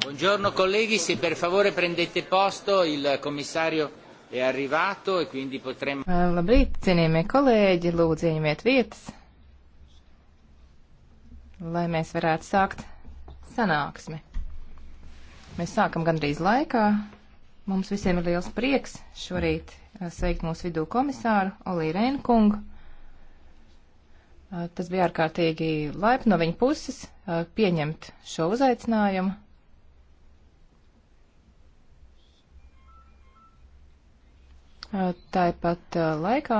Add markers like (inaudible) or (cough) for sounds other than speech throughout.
Buongiorno colleghi, se per favore prendete posto, il commissario è arrivato e quindi potremmo. Eh, labrīt, cienījamie kolēģi, lūdzu ieņemiet vietas, lai mēs varētu sākt sanāksmi. Mēs sākam gandrīz laikā. Mums visiem ir liels prieks šorīt eh, sveikt mūsu vidū komisāru Olī Rēnkungu. Tas bija ārkārtīgi laipni no viņa puses pieņemt šo uzaicinājumu. Tāpat laikā,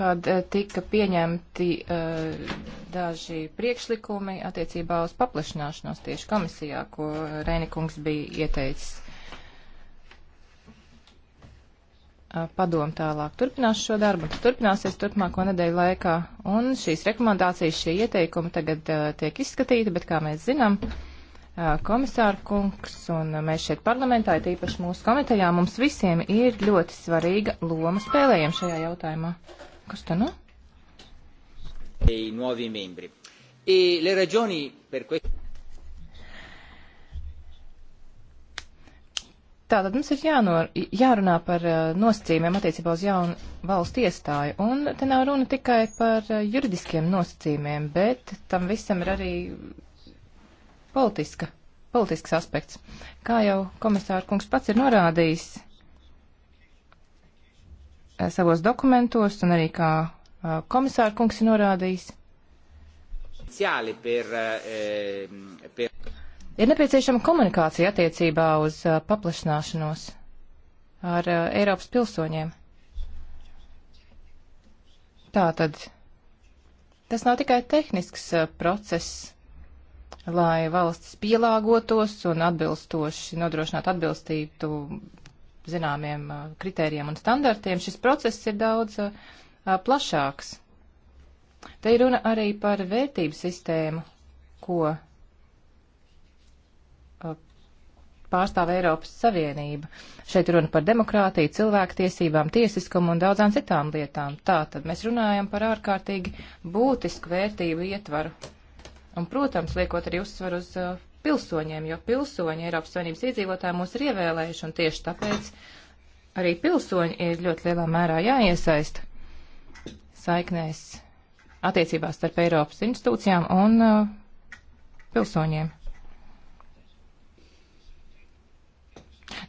kad tika pieņemti daži priekšlikumi attiecībā uz paplašināšanos tieši komisijā, ko Reinikungs bija ieteicis. padomu tālāk turpinās šo darbu, tas turpināsies turpmāko nedēļu laikā, un šīs rekomendācijas, šie ieteikumi tagad uh, tiek izskatīti, bet, kā mēs zinām, uh, komisāra kungs un mēs šeit parlamentā, ja tīpaši mūsu komitejā, mums visiem ir ļoti svarīga loma spēlējama šajā jautājumā. Kas te nu? I nuovi membri. E le ragioni per questo... Tātad mums ir jānor, jārunā par eh, nosacījumiem attiecībā uz jaunu valstu iestāju, un te nav runa tikai par eh, juridiskiem nosacījumiem, bet tam visam ir arī politiska, politisks aspekts. Kā jau komisāra kungs pats ir norādījis eh, savos dokumentos, un arī kā komisāra kungs ir norādījis. Per, ehm, per... Ir nepieciešama komunikācija attiecībā uz uh, paplašināšanos ar uh, Eiropas pilsoņiem. Tātad tas nav tikai tehnisks uh, process, lai valstis pielāgotos un atbilstoši nodrošinātu atbilstību zināmiem uh, kritērijiem un standartiem. Šis process ir daudz uh, uh, plašāks. Te ir runa arī par vērtību sistēmu, ko pārstāv Eiropas Savienību. Šeit runa par demokrātiju, cilvēktiesībām, tiesiskumu un daudzām citām lietām. Tā tad mēs runājam par ārkārtīgi būtisku vērtību ietvaru. Un, protams, liekot arī uzsvaru uz uh, pilsoņiem, jo pilsoņi Eiropas Savienības iedzīvotāji mūs ir ievēlējuši, un tieši tāpēc arī pilsoņi ir ļoti lielā mērā jāiesaista saiknēs attiecībās starp Eiropas institūcijām un uh, pilsoņiem.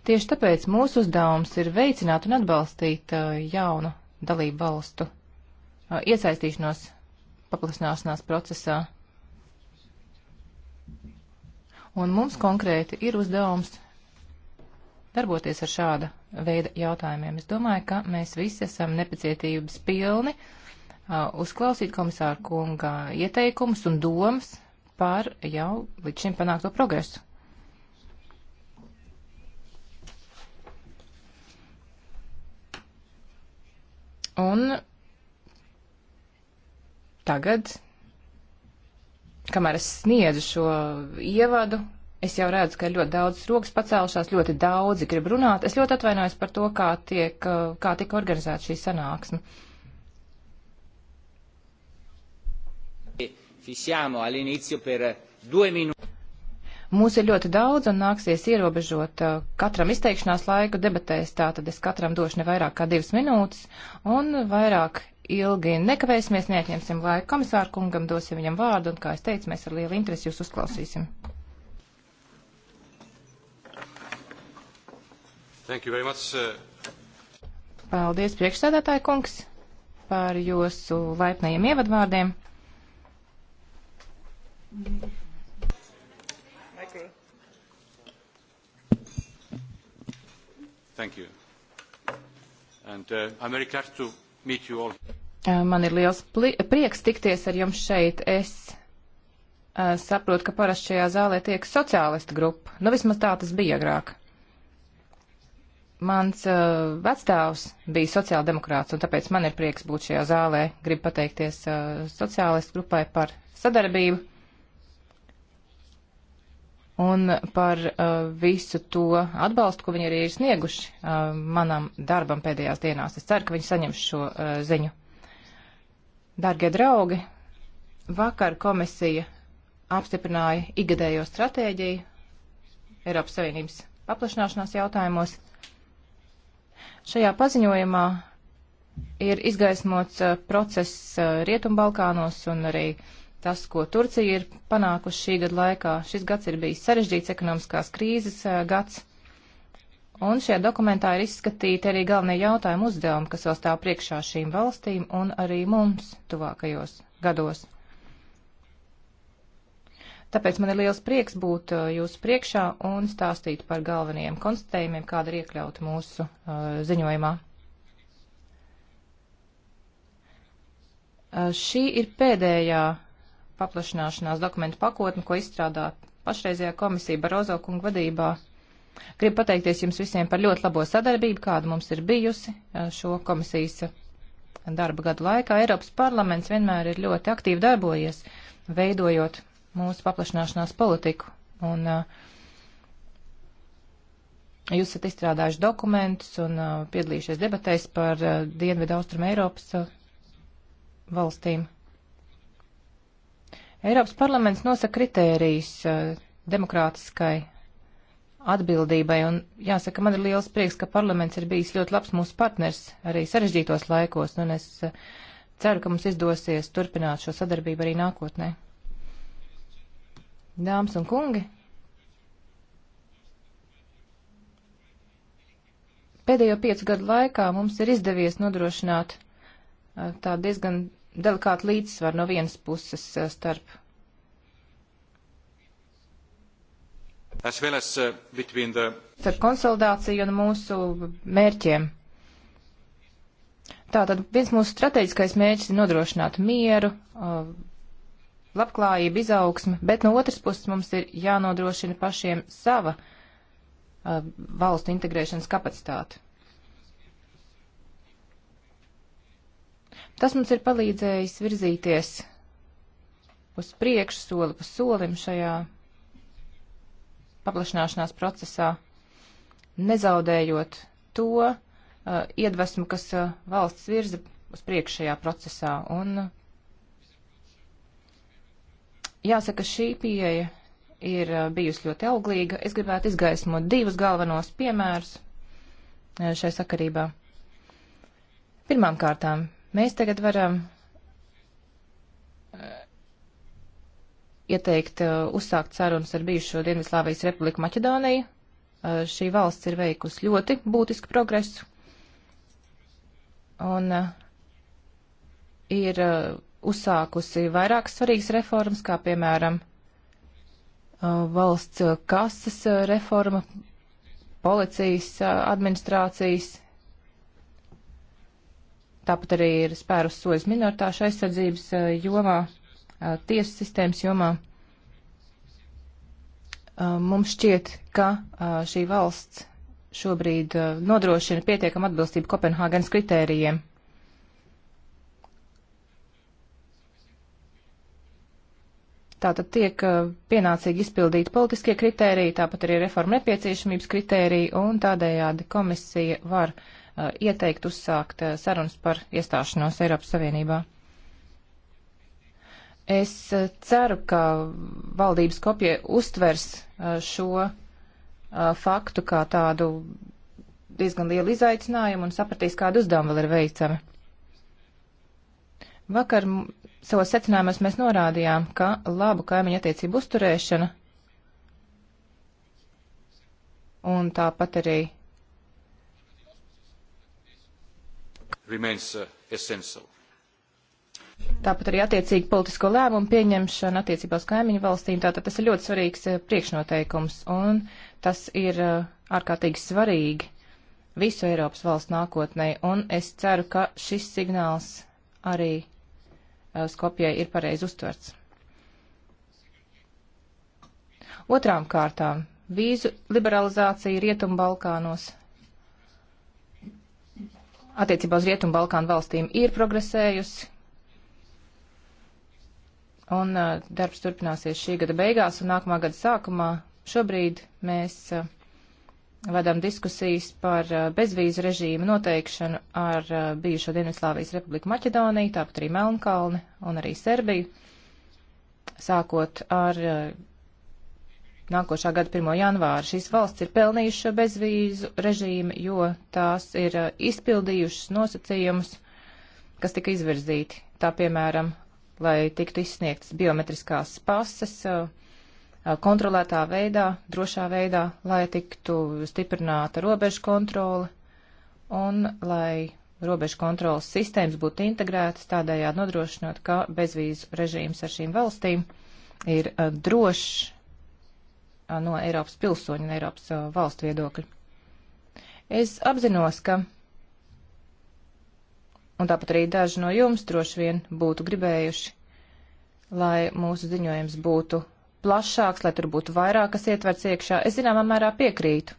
Tieši tāpēc mūsu uzdevums ir veicināt un atbalstīt uh, jaunu dalību valstu uh, iesaistīšanos paplasināšanās procesā. Un mums konkrēti ir uzdevums darboties ar šāda veida jautājumiem. Es domāju, ka mēs visi esam nepacietības pilni uh, uzklausīt komisāru kunga ieteikumus un domas par jau līdz šim panākto progresu. Un tagad, kamēr es sniedzu šo ievadu, es jau redzu, ka ir ļoti daudz rokas pacēlušās, ļoti daudzi grib runāt. Es ļoti atvainojos par to, kā, tiek, kā tika organizēta šī sanāksme. Fisiamo all'inizio per due minuti. Mūs ir ļoti daudz un nāksies ierobežot uh, katram izteikšanās laiku debatēs, tātad es katram došu ne vairāk kā divas minūtes un vairāk ilgi nekavēsimies, neatņemsim laiku komisāru kungam, dosim viņam vārdu un, kā es teicu, mēs ar lielu interesi jūs uzklausīsim. Thank you very much. Uh... Paldies, priekšsēdētāja kungs, par jūsu laipnajiem ievadvārdiem. Mm. Thank you. And, uh, I'm very glad to meet you all. Uh, man ir liels prieks tikties ar jums šeit. Es uh, saprotu, ka parasti šajā zālē tiek sociālistu grupa. Nu, vismaz tā tas bija agrāk. Mans uh, vecstāvs bija sociāldemokrāts, un tāpēc man ir prieks būt šajā zālē. Gribu pateikties uh, sociālistu grupai par sadarbību un par uh, visu to atbalstu, ko viņi arī ir snieguši uh, manam darbam pēdējās dienās. Es ceru, ka viņi saņems šo uh, ziņu. Dargie draugi, vakar komisija apstiprināja igadējo stratēģiju Eiropas Savienības paplašanāšanās jautājumos. Šajā paziņojumā ir izgaismots uh, process uh, Rietumbalkānos un arī uh, tas, ko Turcija ir panākusi šī gada laikā. Šis gads ir bijis sarežģīts ekonomiskās krīzes eh, gads. Un šajā dokumentā ir izskatīti arī galvenie jautājumi uzdevumi, kas vēl stāv priekšā šīm valstīm un arī mums tuvākajos gados. Tāpēc man ir liels prieks būt eh, jūsu priekšā un stāstīt par galvenajiem konstatējumiem, kāda ir iekļauta mūsu uh, ziņojumā. Uh, šī ir pēdējā uh, paplašināšanās dokumentu pakotni, ko izstrādā pašreizējā komisija Barozo kunga vadībā. Gribu pateikties jums visiem par ļoti labo sadarbību, kāda mums ir bijusi eh, šo komisijas eh, darba gadu laikā. Eiropas parlaments vienmēr ir ļoti aktīvi darbojies, veidojot mūsu paplašināšanās politiku. Un, eh, jūs esat izstrādājuši dokumentus un piedalījušies debatēs par Dienvidu Austrum Eiropas valstīm. Eiropas parlaments nosaka kritērijas uh, demokrātiskai atbildībai, un jāsaka, man ir liels prieks, ka parlaments ir bijis ļoti labs mūsu partners arī sarežģītos laikos, un es uh, ceru, ka mums izdosies turpināt šo sadarbību arī nākotnē. Dāmas un kungi, pēdējo piecu gadu laikā mums ir izdevies nodrošināt uh, tādu diezgan delikātu līdzsvaru no vienas puses eh, starp. As well as, uh, the... Starp konsolidāciju un mūsu mērķiem. Tātad viens mūsu strateģiskais mērķis ir nodrošināt mieru, uh, labklājību, izaugsmi, bet no otras puses mums ir jānodrošina pašiem sava uh, valstu integrēšanas kapacitāte. Tas mums ir palīdzējis virzīties uz priekšu soli pa solim šajā paplašināšanās procesā, nezaudējot to uh, iedvesmu, kas uh, valsts virza uz priekšu šajā procesā. Un uh, jāsaka, šī pieeja ir uh, bijusi ļoti auglīga. Es gribētu izgaismot divus galvenos piemērus uh, šai sakarībā. Pirmām kārtām Mēs tagad varam eh, ieteikt eh, uzsākt sarunas ar bijušo Dienvidslāvijas republiku Maķedoniju. Eh, šī valsts ir veikusi ļoti būtisku progresu un ir uzsākusi vairākas svarīgas reformas, kā piemēram valsts kases reforma, policijas administrācijas Tāpat arī ir spērus soļus minoritāšu aizsardzības eh, jomā, eh, tiesu sistēmas jomā. Eh, mums šķiet, ka šī valsts šobrīd nodrošina pietiekam atbilstību Kopenhāgenes kritērijiem. Tātad tiek pienācīgi izpildīti politiskie kritēriji, tāpat arī reforma nepieciešamības kritēriji, un tādējādi komisija var uh, Eh, ieteikt uzsākt eh, sarunas par iestāšanos Eiropas Savienībā. Es eh, ceru, ka valdības kopie uztvers šo faktu kā tādu diezgan lielu izaicinājumu un sapratīs, kādu uzdevumu vēl ir veicami. Vakar savos secinājumos mēs norādījām, ka labu kaimiņu attiecību uzturēšana un tāpat arī remains uh, essential. Tāpat arī attiecīgi politisko lēmumu pieņemšana attiecībā uz kaimiņu valstīm, tātad tas ir ļoti svarīgs uh, priekšnoteikums, un tas ir uh, ārkārtīgi svarīgi visu Eiropas valstu nākotnē, un es ceru, ka šis signāls arī uh, Skopjai ir pareizi uztverts. Otrām kārtām - vīzu liberalizācija Rietumbalkānos attiecībā uz Rietumu Balkānu valstīm ir progresējusi. Un uh, darbs turpināsies šī gada beigās un nākamā gada sākumā. Šobrīd mēs uh, vedam diskusijas par uh, bezvīzu režīmu noteikšanu ar uh, bijušo Dienvidslāvijas republiku Maķedoniju, tāpat arī Melnkalni un arī Serbiju, sākot ar uh, nākošā gada 1. janvāra. Šīs valsts ir pelnījušas šo bezvīzu režīmu, jo tās ir eh, izpildījušas nosacījumus, kas tika izvirzīti. Tā piemēram, lai tiktu izsniegtas biometriskās pases eh, kontrolētā veidā, drošā veidā, lai tiktu stiprināta robežu kontrole un lai robežu kontrolas sistēmas būtu integrētas, tādējādi nodrošinot, ka bezvīzu režīms ar šīm valstīm ir eh, drošs no Eiropas pilsoņu un Eiropas uh, valstu viedokļa. Es apzinos, ka, un tāpat arī daži no jums droši vien būtu gribējuši, lai mūsu ziņojums būtu plašāks, lai tur būtu vairāk, kas ietverts iekšā. Es zināmā mērā piekrītu.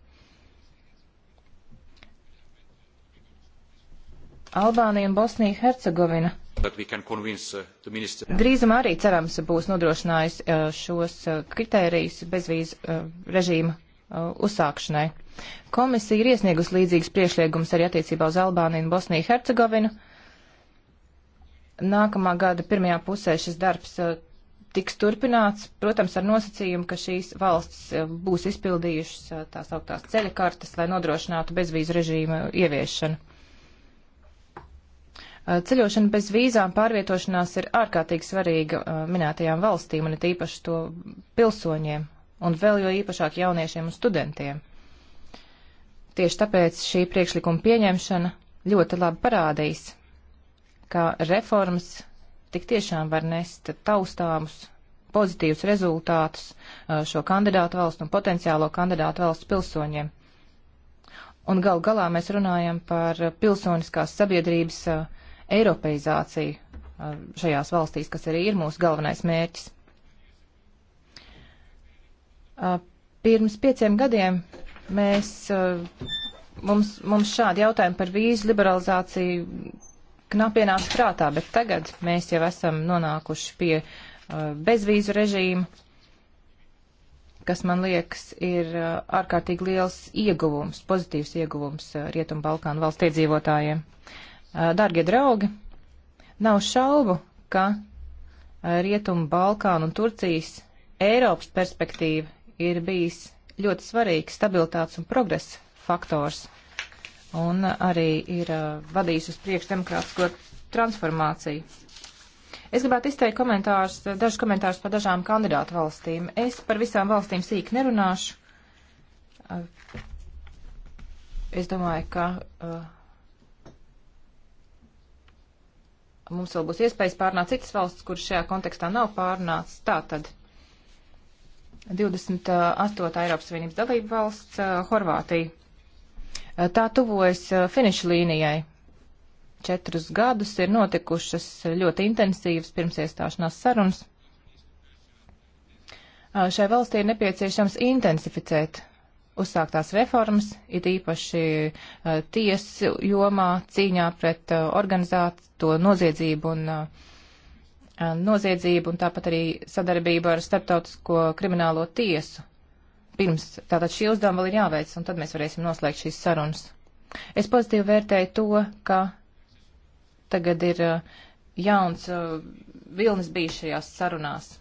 Albānija un Bosnija Hercegovina Uh, Drīzumā arī cerams būs nodrošinājis uh, šos uh, kritērijus bezvīzu režīma uzsākšanai. Komisija ir iesniegusi līdzīgas priešliegumus arī attiecībā uz Albāniju un Bosniju Hercegovinu. Nākamā gada pirmajā pusē šis darbs tiks turpināts, protams, ar nosacījumu, ka šīs valstis būs izpildījušas tās augtās ceļa kartas, lai nodrošinātu bezvīzu režīmu ieviešanu. Eh, ceļošana bez vīzām pārvietošanās ir ārkārtīgi svarīga eh, minētajām valstīm un it īpaši to pilsoņiem un vēl jo īpašāk jauniešiem un studentiem. Tieši tāpēc šī priekšlikuma pieņemšana ļoti labi parādīs, ka reformas tik tiešām var nest taustāmus pozitīvus rezultātus eh, šo kandidātu valstu un potenciālo kandidātu valstu pilsoņiem. Un gal galā mēs runājam par pilsoniskās sabiedrības uh, eiropeizāciju um, šajās valstīs, kas arī ir mūsu galvenais mērķis. Uh, pirms pieciem gadiem mēs, uh, mums, mums šādi jautājumi par vīzu liberalizāciju knapienāca prātā, bet tagad mēs jau esam nonākuši pie uh, bezvīzu režīma, kas man liekas ir ārkārtīgi liels ieguvums, pozitīvs ieguvums Rietumu Balkānu valsts iedzīvotājiem. Uh, Dargie draugi, nav šaubu, ka Rietumu Balkānu un Turcijas Eiropas perspektīva ir bijis ļoti svarīgs stabilitātes un progresa faktors un arī ir vadījis uz priekšu demokrātisko transformāciju. Es gribētu izteikt komentārus, dažus komentārus par dažām kandidātu valstīm. Es par visām valstīm sīk nerunāšu. Es domāju, ka uh, Mums vēl būs iespējas pārnāt citas valsts, kuras šajā kontekstā nav pārnāts. Tātad 28. Eiropas Savienības dalība valsts eh, - Horvātija. Eh, tā tuvojas eh, finiša līnijai. Četrus gadus ir notikušas ļoti intensīvas pirmsiestāšanās sarunas. Šai valstī ir nepieciešams intensificēt uzsāktās reformas, it īpaši uh, tiesu jomā cīņā pret uh, eh, organizēto noziedzību un uh, noziedzību un tāpat arī sadarbību ar starptautisko kriminālo tiesu. Pirms tātad šī uzdevuma vēl ir jāveic, un tad mēs varēsim noslēgt šīs sarunas. Es pozitīvi vērtēju to, ka tagad ir jauns vilnis bijis šajās sarunās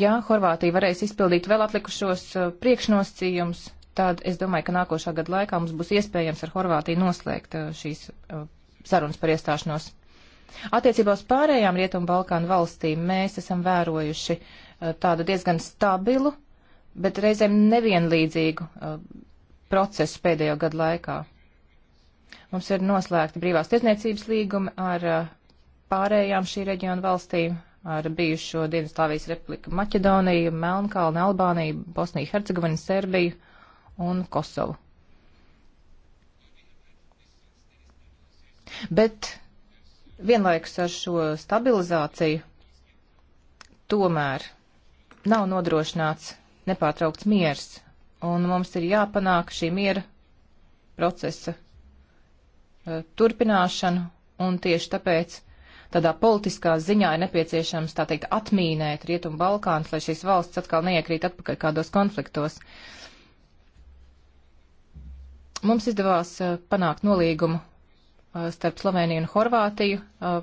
Ja Horvātija varēs izpildīt vēl atlikušos uh, priekšnosacījumus, tad es domāju, ka nākošā gada laikā mums būs iespējams ar Horvātiju noslēgt uh, šīs uh, sarunas par iestāšanos. Attiecībā uz pārējām Rietumu Balkānu valstīm mēs esam vērojuši tādu diezgan stabilu, bet reizēm nevienlīdzīgu procesu pēdējo gadu laikā. Mums ir noslēgti brīvās tiesniecības līgumi ar pārējām šī reģiona valstīm, ar bijušo Dienvidslāvijas republiku Maķedoniju, Melnkalnu, Albāniju, Bosniju, Hercegovinu, Serbiju un Kosovu. Bet vienlaikus ar šo stabilizāciju tomēr nav nodrošināts nepārtraukts miers, un mums ir jāpanāk šī miera procesa eh, turpināšanu, un tieši tāpēc tādā politiskā ziņā ir nepieciešams, tā teikt, atmīnēt Rietumu Balkāns, lai šīs valsts atkal neiekrīt atpakaļ kādos konfliktos. Mums izdevās eh, panākt nolīgumu eh, starp Sloveniju un Horvātiju. Eh,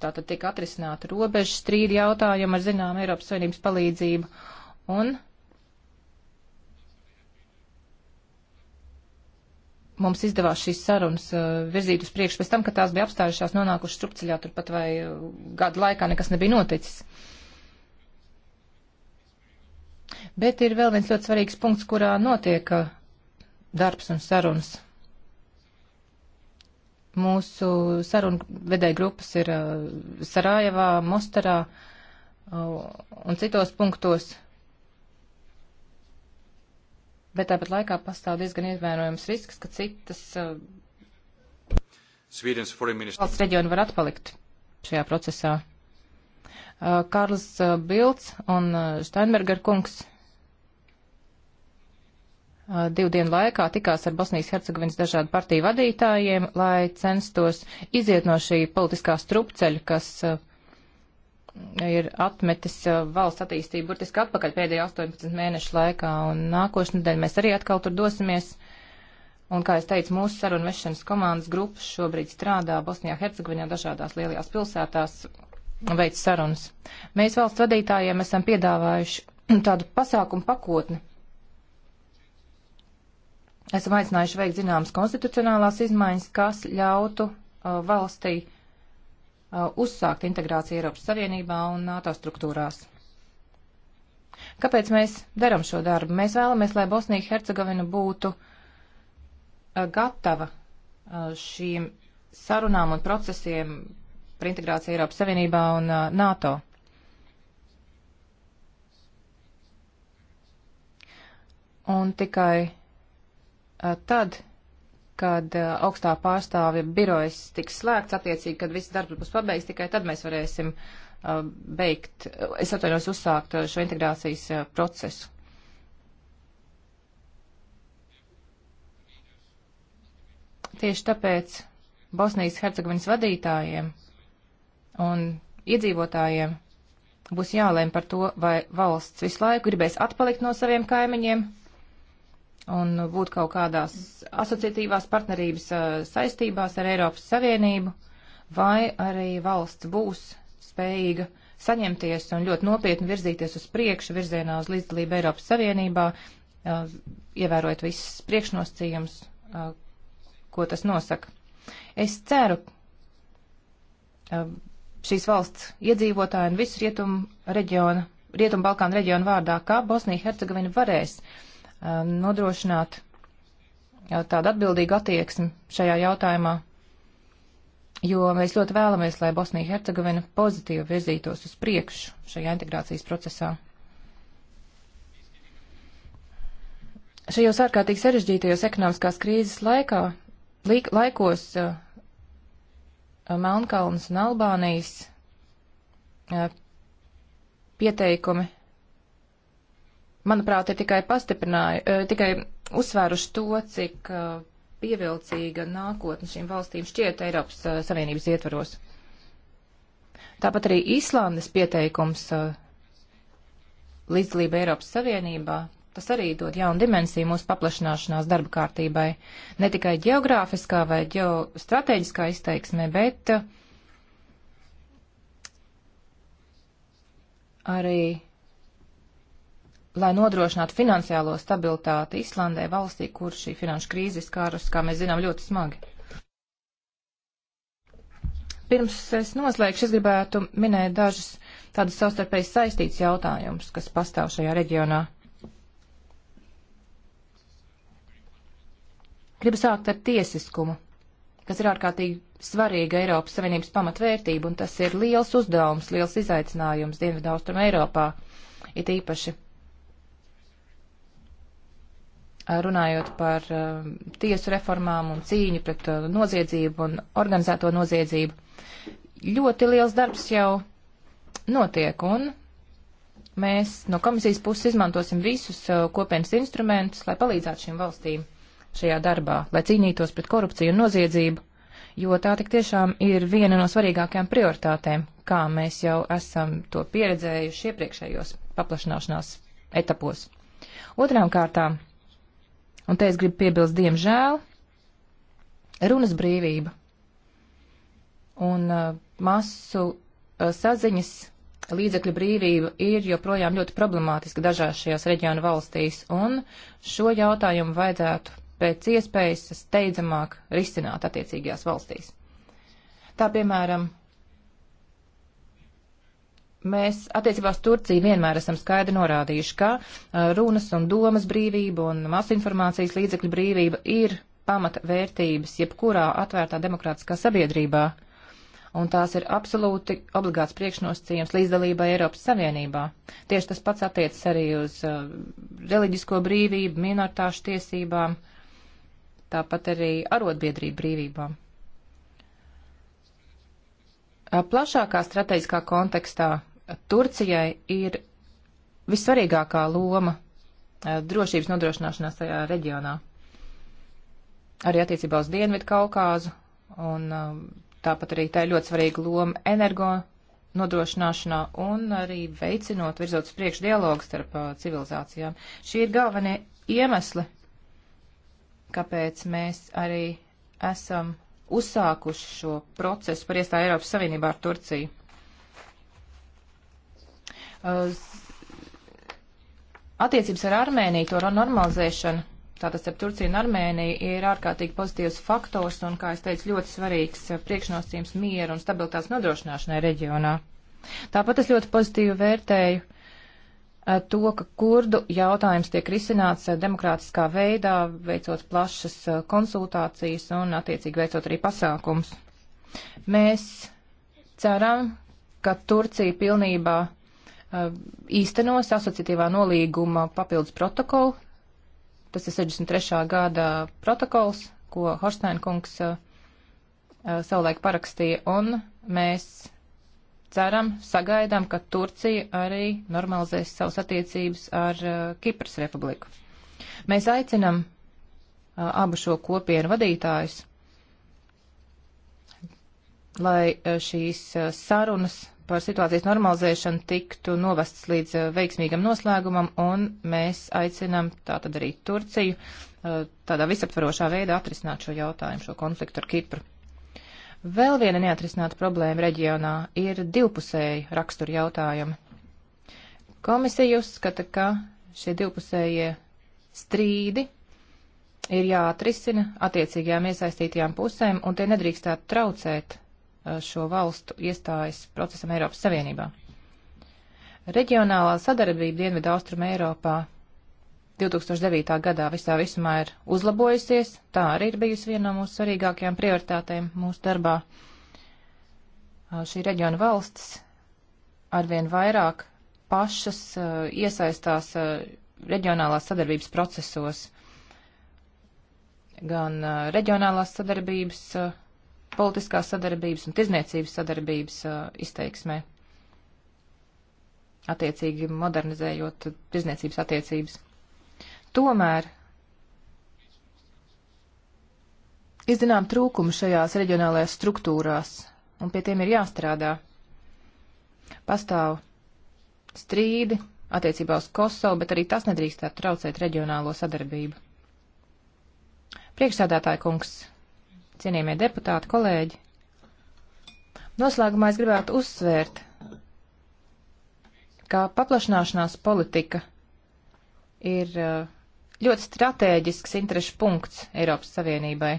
tātad tika atrisināta robeža strīda jautājuma ar zinām Eiropas Savienības palīdzību. Un mums izdevās šīs sarunas uh, virzīt uz priekšu pēc tam, kad tās bija apstājušās, nonākušas strupceļā turpat vai uh, gadu laikā nekas nebija noticis. Bet ir vēl viens ļoti svarīgs punkts, kurā notiek uh, darbs un sarunas. Mūsu sarunu vedēja grupas ir Sarajevā, Mostarā un citos punktos bet tāpat laikā pastāv diezgan ievērojams risks, ka citas uh, valsts reģioni var atpalikt šajā procesā. Uh, Karls uh, Bilds un uh, Steinberger kungs uh, divu dienu laikā tikās ar Bosnijas Hercegovinas dažādu partiju vadītājiem, lai censtos iziet no šī politiskā strupceļa, kas uh, ir atmetis uh, valsts attīstību burtiski atpakaļ pēdējo 18 mēnešu laikā, un nākošu nedēļu mēs arī atkal tur dosimies. Un, kā es teicu, mūsu sarunu vešanas komandas grupas šobrīd strādā Bosnijā, Hercegovinā, dažādās lielajās pilsētās, veic sarunas. Mēs valsts vadītājiem esam piedāvājuši (clears throat) tādu pasākumu pakotni. Esam aicinājuši veikt zināmas konstitucionālās izmaiņas, kas ļautu uh, valstī uh, Uh, uzsākt integrāciju Eiropas Savienībā un NATO struktūrās. Kāpēc mēs darām šo darbu? Mēs vēlamies, lai Bosnija Hercegovina būtu uh, gatava uh, šīm sarunām un procesiem par integrāciju Eiropas Savienībā un NATO. Un tikai tad kad eh, augstā pārstāvja birojas tiks slēgts, attiecīgi, kad viss darbs būs pabeigts, tikai tad mēs varēsim eh, beigt, eh, es atvainojos, uzsākt šo integrācijas procesu. Tieši tāpēc Bosnijas Hercegovinas vadītājiem un iedzīvotājiem būs jālēm par to, vai valsts visu laiku gribēs atpalikt no saviem kaimiņiem un būt kaut kādās asociatīvās partnerības uh, saistībās ar Eiropas Savienību, vai arī valsts būs spējīga saņemties un ļoti nopietni virzīties uz priekšu virzienā uz līdzdalību Eiropas Savienībā, uh, ievērojot visus priekšnosacījumus, uh, ko tas nosaka. Es ceru, šīs valsts iedzīvotāji un visu rietumu reģionu, rietumu Balkānu reģionu vārdā, kā Bosnija Hercegovina varēs uh, Um, nodrošināt uh, tādu atbildīgu attieksmi šajā jautājumā, jo mēs ļoti vēlamies, lai Bosnija Hercegovina pozitīvi virzītos uz priekšu šajā integrācijas procesā. Šajos ārkārtīgi sarežģītajos ekonomiskās krīzes laikā, laik, laikos uh, uh, Melnkalnas un Albānijas pieteikumi manuprāt, ir tikai pastiprināju, eh, tikai uzsvēruši to, cik eh, pievilcīga nākotne šīm valstīm šķiet Eiropas eh, Savienības ietvaros. Tāpat arī Īslandes pieteikums līdzdalība Eiropas Savienībā, tas arī dod jaunu dimensiju mūsu paplašanāšanās darba kārtībai. Ne tikai geogrāfiskā vai ģeostrateģiskā izteiksmē, bet arī lai nodrošinātu finansiālo stabilitāti Islandē, valstī, kur šī finanšu krīze skārus, kā mēs zinām, ļoti smagi. Pirms es noslēgšu, es gribētu minēt dažus tādus savstarpēji saistīts jautājumus, kas pastāv šajā reģionā. Gribu sākt ar tiesiskumu, kas ir ārkārtīgi svarīga Eiropas Savienības pamatvērtība, un tas ir liels uzdevums, liels izaicinājums Dienvidu Austrum Eiropā, it īpaši runājot par uh, tiesu reformām un cīņu pret uh, noziedzību un organizēto noziedzību. Ļoti liels darbs jau notiek, un mēs no komisijas puses izmantosim visus uh, kopienas instrumentus, lai palīdzētu šīm valstīm šajā darbā, lai cīnītos pret korupciju un noziedzību, jo tā tik tiešām ir viena no svarīgākajām prioritātēm, kā mēs jau esam to pieredzējuši iepriekšējos paplašanāšanās etapos. Otrām kārtām Un te es gribu piebilst, diemžēl, runas brīvība un uh, masu uh, saziņas līdzekļu brīvība ir joprojām ļoti problemātiska dažās šajās reģionu valstīs, un šo jautājumu vajadzētu pēc iespējas steidzamāk risināt attiecīgajās valstīs. Tā piemēram, Mēs attiecībās Turciju vienmēr esam skaidri norādījuši, ka uh, runas un domas brīvība un masinformācijas līdzekļu brīvība ir pamatvērtības jebkurā atvērtā demokrātiskā sabiedrībā, un tās ir absolūti obligāts priekšnosacījums līdzdalībai Eiropas Savienībā. Tieši tas pats attiecas arī uz uh, reliģisko brīvību, minoritāšu tiesībām, tāpat arī arotbiedrību brīvībām. Uh, plašākā strateģiskā kontekstā Turcijai ir vissvarīgākā loma eh, drošības nodrošināšanā tajā reģionā. Arī attiecībā uz Dienvidu Kaukāzu, un eh, tāpat arī tā ir ļoti svarīga loma energo nodrošināšanā un arī veicinot virzot uz priekšu dialogu starp eh, civilizācijām. Šie ir galvenie iemesli, kāpēc mēs arī esam uzsākuši šo procesu par iestāju Eiropas Savienībā ar Turciju. Attiecības ar Armēniju, to normalizēšanu, tātad starp Turciju un Armēniju, ir ārkārtīgi pozitīvs faktors un, kā es teicu, ļoti svarīgs priekšnosacījums miera un stabilitātes nodrošināšanai reģionā. Tāpat es ļoti pozitīvi vērtēju eh, to, ka kurdu jautājums tiek risināts eh, demokrātiskā veidā, veicot plašas eh, konsultācijas un, attiecīgi, veicot arī pasākums. Mēs ceram, ka Turcija pilnībā Uh, īstenos asociatīvā nolīguma papildus protokolu. Tas ir 63. gada protokols, ko Horstein kungs uh, uh, savulaik parakstīja, un mēs ceram, sagaidām, ka Turcija arī normalizēs savas attiecības ar Kipras republiku. Mēs aicinam abu šo kopienu vadītājus, lai šīs sarunas par situācijas normalizēšanu tiktu novests līdz eh, veiksmīgam noslēgumam, un mēs aicinām tātad arī Turciju eh, tādā visaptvarošā veidā atrisināt šo jautājumu, šo konfliktu ar Kipru. Vēl viena neatrisināta problēma reģionā ir divpusēji rakstura jautājumi. Komisija uzskata, ka šie divpusējie strīdi ir jāatrisina attiecīgajām iesaistītajām pusēm, un tie nedrīkstētu traucēt Eh, šo valstu iestājas procesam Eiropas Savienībā. Reģionālā sadarbība Dienvidu Austrum Eiropā 2009. gadā visā visumā ir uzlabojusies, tā arī ir bijusi viena no mūsu svarīgākajām prioritātēm mūsu darbā. Eh, šī reģiona valstis arvien vairāk pašas eh, iesaistās reģionālās sadarbības procesos, gan reģionālās sadarbības politiskās sadarbības un tirzniecības sadarbības uh, izteiksmē, attiecīgi modernizējot tirzniecības attiecības. Tomēr izzinām trūkumu šajās reģionālajās struktūrās, un pie tiem ir jāstrādā. Pastāv strīdi attiecībā uz Kosovu, bet arī tas nedrīkstētu traucēt reģionālo sadarbību. Priekšsēdētāja kungs, cienījamie deputāti, kolēģi. Noslēgumā es gribētu uzsvērt, ka paplašināšanās politika ir uh, ļoti stratēģisks interešu punkts Eiropas Savienībai.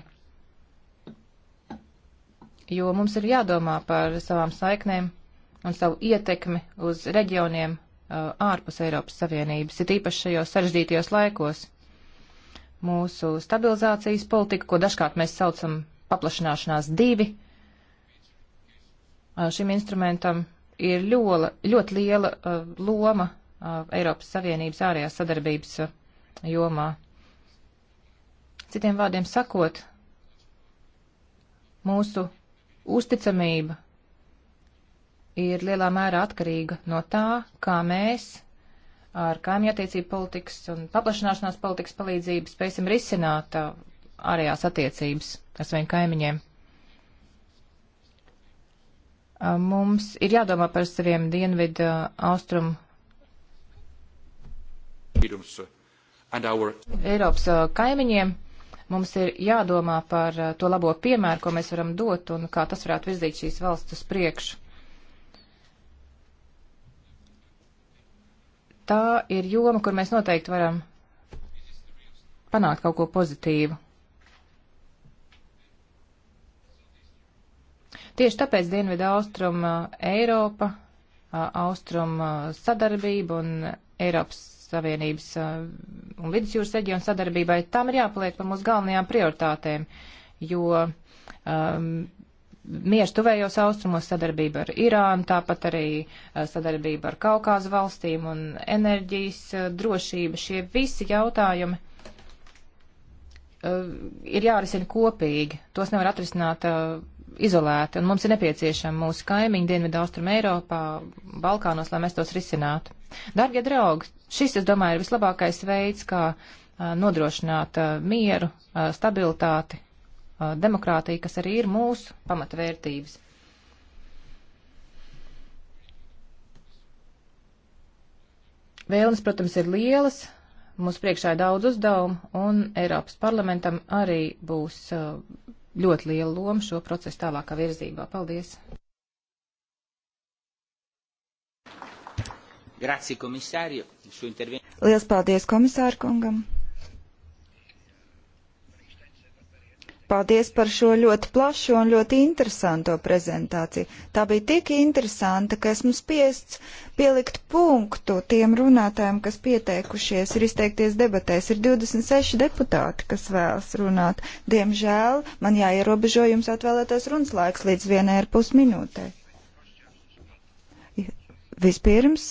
Jo mums ir jādomā par savām saiknēm un savu ietekmi uz reģioniem uh, ārpus Eiropas Savienības, ir īpaši šajos sarežģītajos laikos mūsu stabilizācijas politika, ko dažkārt mēs saucam paplašināšanās divi. Šim instrumentam ir ļola, ļoti liela uh, loma uh, Eiropas Savienības ārējās sadarbības uh, jomā. Citiem vārdiem sakot, mūsu uzticamība ir lielā mērā atkarīga no tā, kā mēs ar kaimiņattiecību politikas un paplašanāšanās politikas palīdzību spēsim risināt uh, ārējās attiecības ar saviem kaimiņiem. Uh, mums ir jādomā par saviem dienvidu uh, austrumu our... Eiropas kaimiņiem. Mums ir jādomā par to labo piemēru, ko mēs varam dot un kā tas varētu virzīt šīs valsts uz priekšu. tā ir joma, kur mēs noteikti varam panākt kaut ko pozitīvu. Tieši tāpēc Dienvidu Austrum uh, Eiropa, uh, Austrum uh, sadarbība un Eiropas Savienības un Vidusjūras reģiona sadarbībai tam ir jāpaliek par mūsu galvenajām prioritātēm, jo um, mieru tuvējos austrumos, sadarbība ar Irānu, tāpat arī eh, sadarbība ar Kaukāzu valstīm un enerģijas eh, drošība. Šie visi jautājumi eh, ir jārisina kopīgi. Tos nevar atrisināt izolēti, un mums ir nepieciešama mūsu kaimiņa Dienvidu Austrum Eiropā, Balkānos, lai mēs tos risinātu. Dargie draugi, šis, es domāju, ir vislabākais veids, kā nodrošināt mieru, stabilitāti Uh, demokrātija, kas arī ir mūsu pamatvērtības. Vēlmes, protams, ir lielas, mums priekšā ir daudz uzdevumu, un Eiropas parlamentam arī būs uh, ļoti liela loma šo procesu tālākā virzībā. Paldies! Grazie, komisāri! Liels paldies komisāru kungam! Paldies par šo ļoti plašu un ļoti interesanto prezentāciju. Tā bija tik interesanta, ka esmu spiests pielikt punktu tiem runātājiem, kas pieteikušies ir izteikties debatēs. Ir 26 deputāti, kas vēlas runāt. Diemžēl man jāierobežo jums atvēlētais runas laiks līdz vienai ar pus minūtē. Vispirms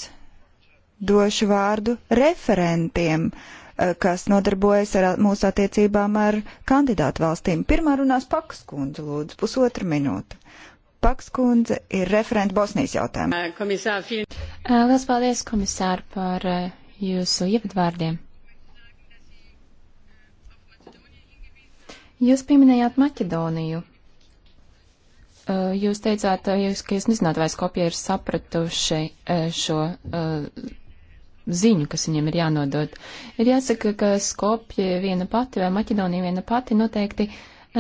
došu vārdu referentiem. Uh, Eh, kas nodarbojas ar mūsu attiecībām ar kandidātu valstīm. Pirmā runās Pakas kundze, lūdzu, pusotra minūte. Pakas kundze ir referenta Bosnijas jautājumā. Eh, eh, Lielas paldies, komisāri, par jūsu ievadvārdiem. Jūs pieminējāt Maķedoniju. Jūs teicāt, jūs, ka jūs nezināt, vai Skopje ir sapratuši šo ziņu, kas viņiem ir jānodod. Ir jāsaka, ka Skopje viena pati vai Maķedonija viena pati noteikti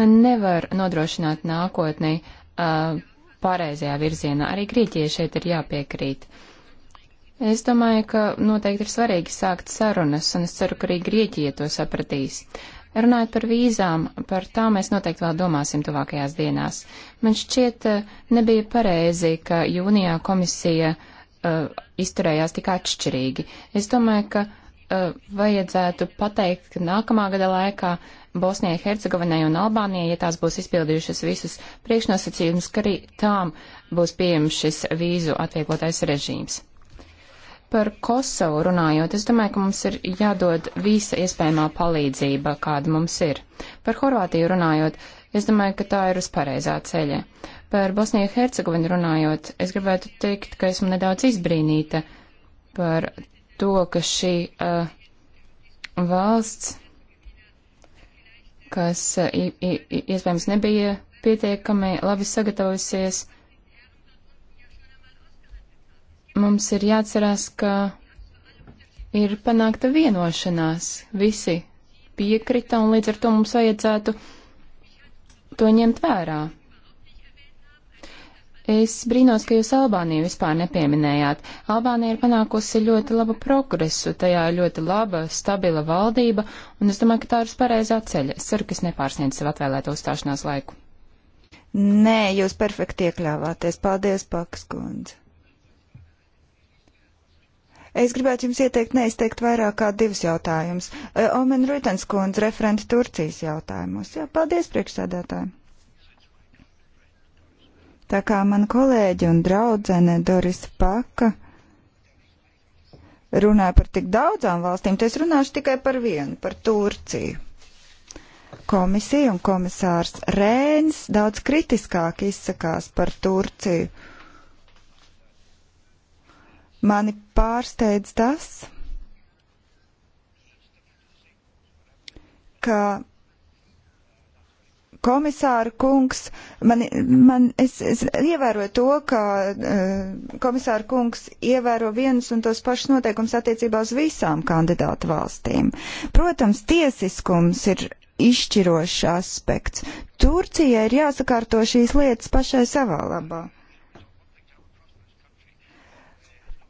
nevar nodrošināt nākotnē uh, pareizajā virzienā. Arī Grieķijai šeit ir jāpiekrīt. Es domāju, ka noteikti ir svarīgi sākt sarunas, un es ceru, ka arī Grieķija to sapratīs. Runājot par vīzām, par tām mēs noteikti vēl domāsim tuvākajās dienās. Man šķiet, nebija pareizi, ka jūnijā komisija uh, uh, izturējās tik atšķirīgi. Es domāju, ka uh, vajadzētu pateikt, ka nākamā gada laikā Bosnijai, Hercegovinai un Albānijai, ja tās būs izpildījušas visus priekšnosacījumus, ka arī tām būs pieejams šis vīzu atvieglotais režīms. Par Kosovu runājot, es domāju, ka mums ir jādod visa iespējamā palīdzība, kāda mums ir. Par Horvātiju runājot, es domāju, ka tā ir uz pareizā ceļa. Uh, Par Bosniju Hercegovinu runājot, es gribētu teikt, ka esmu nedaudz izbrīnīta par to, ka šī uh, valsts, kas uh, iespējams nebija pietiekami labi sagatavojusies, mums ir jāatcerās, ka ir panākta vienošanās. Visi piekrita, un līdz ar to mums vajadzētu to ņemt vērā. Es brīnos, ka jūs Albāniju vispār nepieminējāt. Albānija ir panākusi ļoti labu progresu, tajā ir ļoti laba, stabila valdība, un es domāju, ka tā ir uz pareizā ceļa. Es ceru, ka es nepārsniedzu sev atvēlēto uzstāšanās laiku. Nē, jūs perfekti iekļāvāties. Paldies, Pakas kundze. Es gribētu jums ieteikt neizteikt vairāk kā divus jautājumus. Eh, Omen Rutens kundze, referenti Turcijas jautājumos. Jā, paldies priekšsēdētājiem. Tā kā man kolēģi un draudzene Doris Paka runāja par tik daudzām valstīm, tad es runāšu tikai par vienu, par Turciju. Komisija un komisārs Rēns daudz kritiskāk izsakās par Turciju. Mani pārsteidz tas, ka Komisāra kungs, man, man, es, es ievēroju to, ka uh, komisāra kungs ievēro vienus un tos pašus noteikumus attiecībā uz visām kandidātu valstīm. Protams, tiesiskums ir izšķirošs aspekts. Turcijai ir jāsakārto šīs lietas pašai savā labā.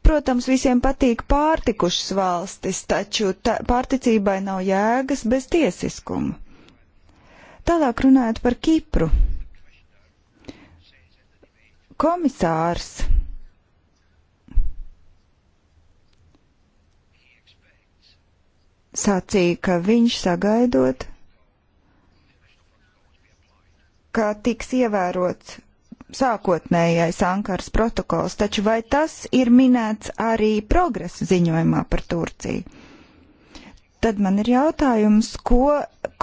Protams, visiem patīk pārtikušas valstis, taču ta pārticībai nav jēgas bez tiesiskuma. Tālāk runājot par Kipru. Komisārs sacīja, ka viņš sagaidot, ka tiks ievērots sākotnējais Ankaras protokols, taču vai tas ir minēts arī progresa ziņojumā par Turciju? Tad man ir jautājums, ko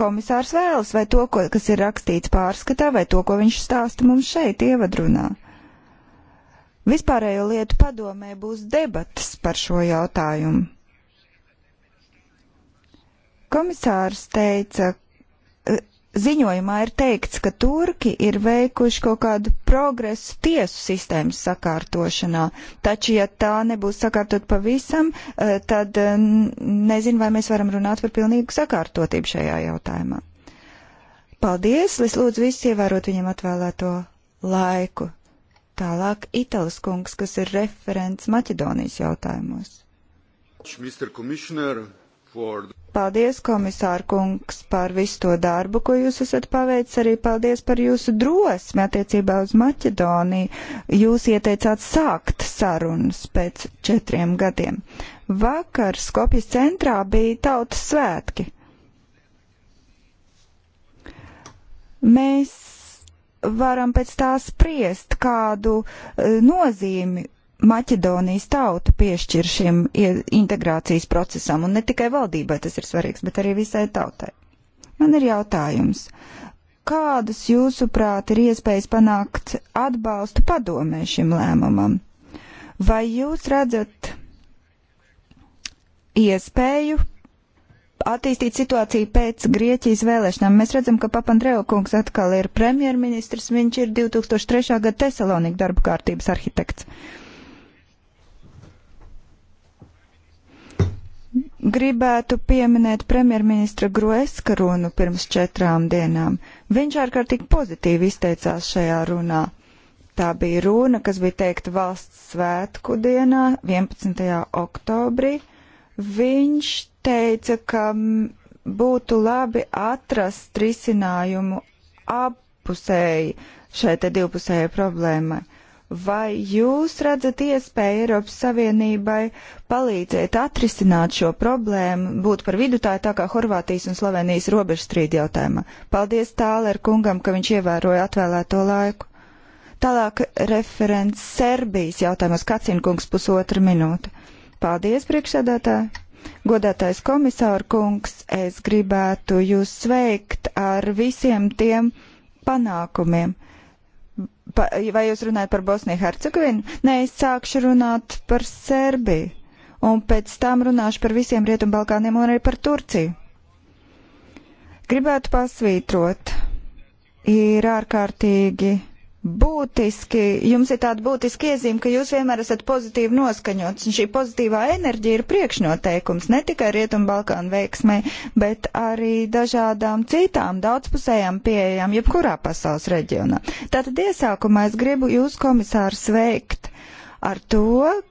komisārs vēlas, vai to, ko, kas ir rakstīts pārskatā, vai to, ko viņš stāsta mums šeit ievadrunā. Vispārējo lietu padomē būs debatas par šo jautājumu. Komisārs teica, ziņojumā ir teikts, ka turki ir veikuši kaut kādu progresu tiesu sistēmas sakārtošanā, taču ja tā nebūs sakārtot pavisam, eh, tad eh, nezinu, vai mēs varam runāt par pilnīgu sakārtotību šajā jautājumā. Paldies, es lūdzu visus ievērot viņam atvēlēto laiku. Tālāk Itālas kungs, kas ir referents Maķedonijas jautājumos. Mr. Commissioner, for Paldies, komisāra kungs, par visu to darbu, ko jūs esat paveicis. Arī paldies par jūsu drosmi attiecībā uz Maķedoniju. Jūs ieteicāt sākt sarunas pēc četriem gadiem. Vakar Skopjas centrā bija tautas svētki. Mēs varam pēc tā spriest, kādu eh, nozīmi Maķedonijas tauta piešķir šim integrācijas procesam, un ne tikai valdībai tas ir svarīgs, bet arī visai tautai. Man ir jautājums, kādas jūsuprāt ir iespējas panākt atbalstu padomē šim lēmumam? Vai jūs redzat iespēju attīstīt situāciju pēc Grieķijas vēlēšanām. Mēs redzam, ka Papandreu kungs atkal ir premjerministrs, viņš ir 2003. gada Tesalonika darba kārtības arhitekts. Uh, gribētu pieminēt premjerministra Groeska runu pirms četrām dienām. Viņš ārkārtīgi pozitīvi izteicās šajā runā. Tā bija runa, kas bija teikta valsts svētku dienā, 11. oktobrī. Viņš teica, ka būtu labi atrast risinājumu abpusēji šai te divpusējai problēmai. Vai jūs redzat iespēju Eiropas Savienībai palīdzēt atrisināt šo problēmu, būt par vidutāju tā kā Horvātijas un Slovenijas robežas strīd jautājumā? Paldies Tāler kungam, ka viņš ievēroja atvēlēto laiku. Tālāk referents Serbijas jautājumos Kacinkungs pusotra minūte. Paldies, priekšsēdētāji! Godātais komisāra kungs, es gribētu jūs sveikt ar visiem tiem panākumiem, Pa, vai jūs runājat par Bosniju Hercegovinu? Nē, es sākšu runāt par Serbiju. Un pēc tam runāšu par visiem Rietumbalkāniem un arī par Turciju. Gribētu pasvītrot. Ir ārkārtīgi būtiski, jums ir tāda būtiska iezīme, ka jūs vienmēr esat pozitīvi noskaņots, un šī pozitīvā enerģija ir priekšnoteikums ne tikai Rietumbalkānu veiksmē, bet arī dažādām citām daudzpusējām pieejām jebkurā pasaules reģionā. Tātad iesākumā es gribu jūs, komisārs, sveikt ar to,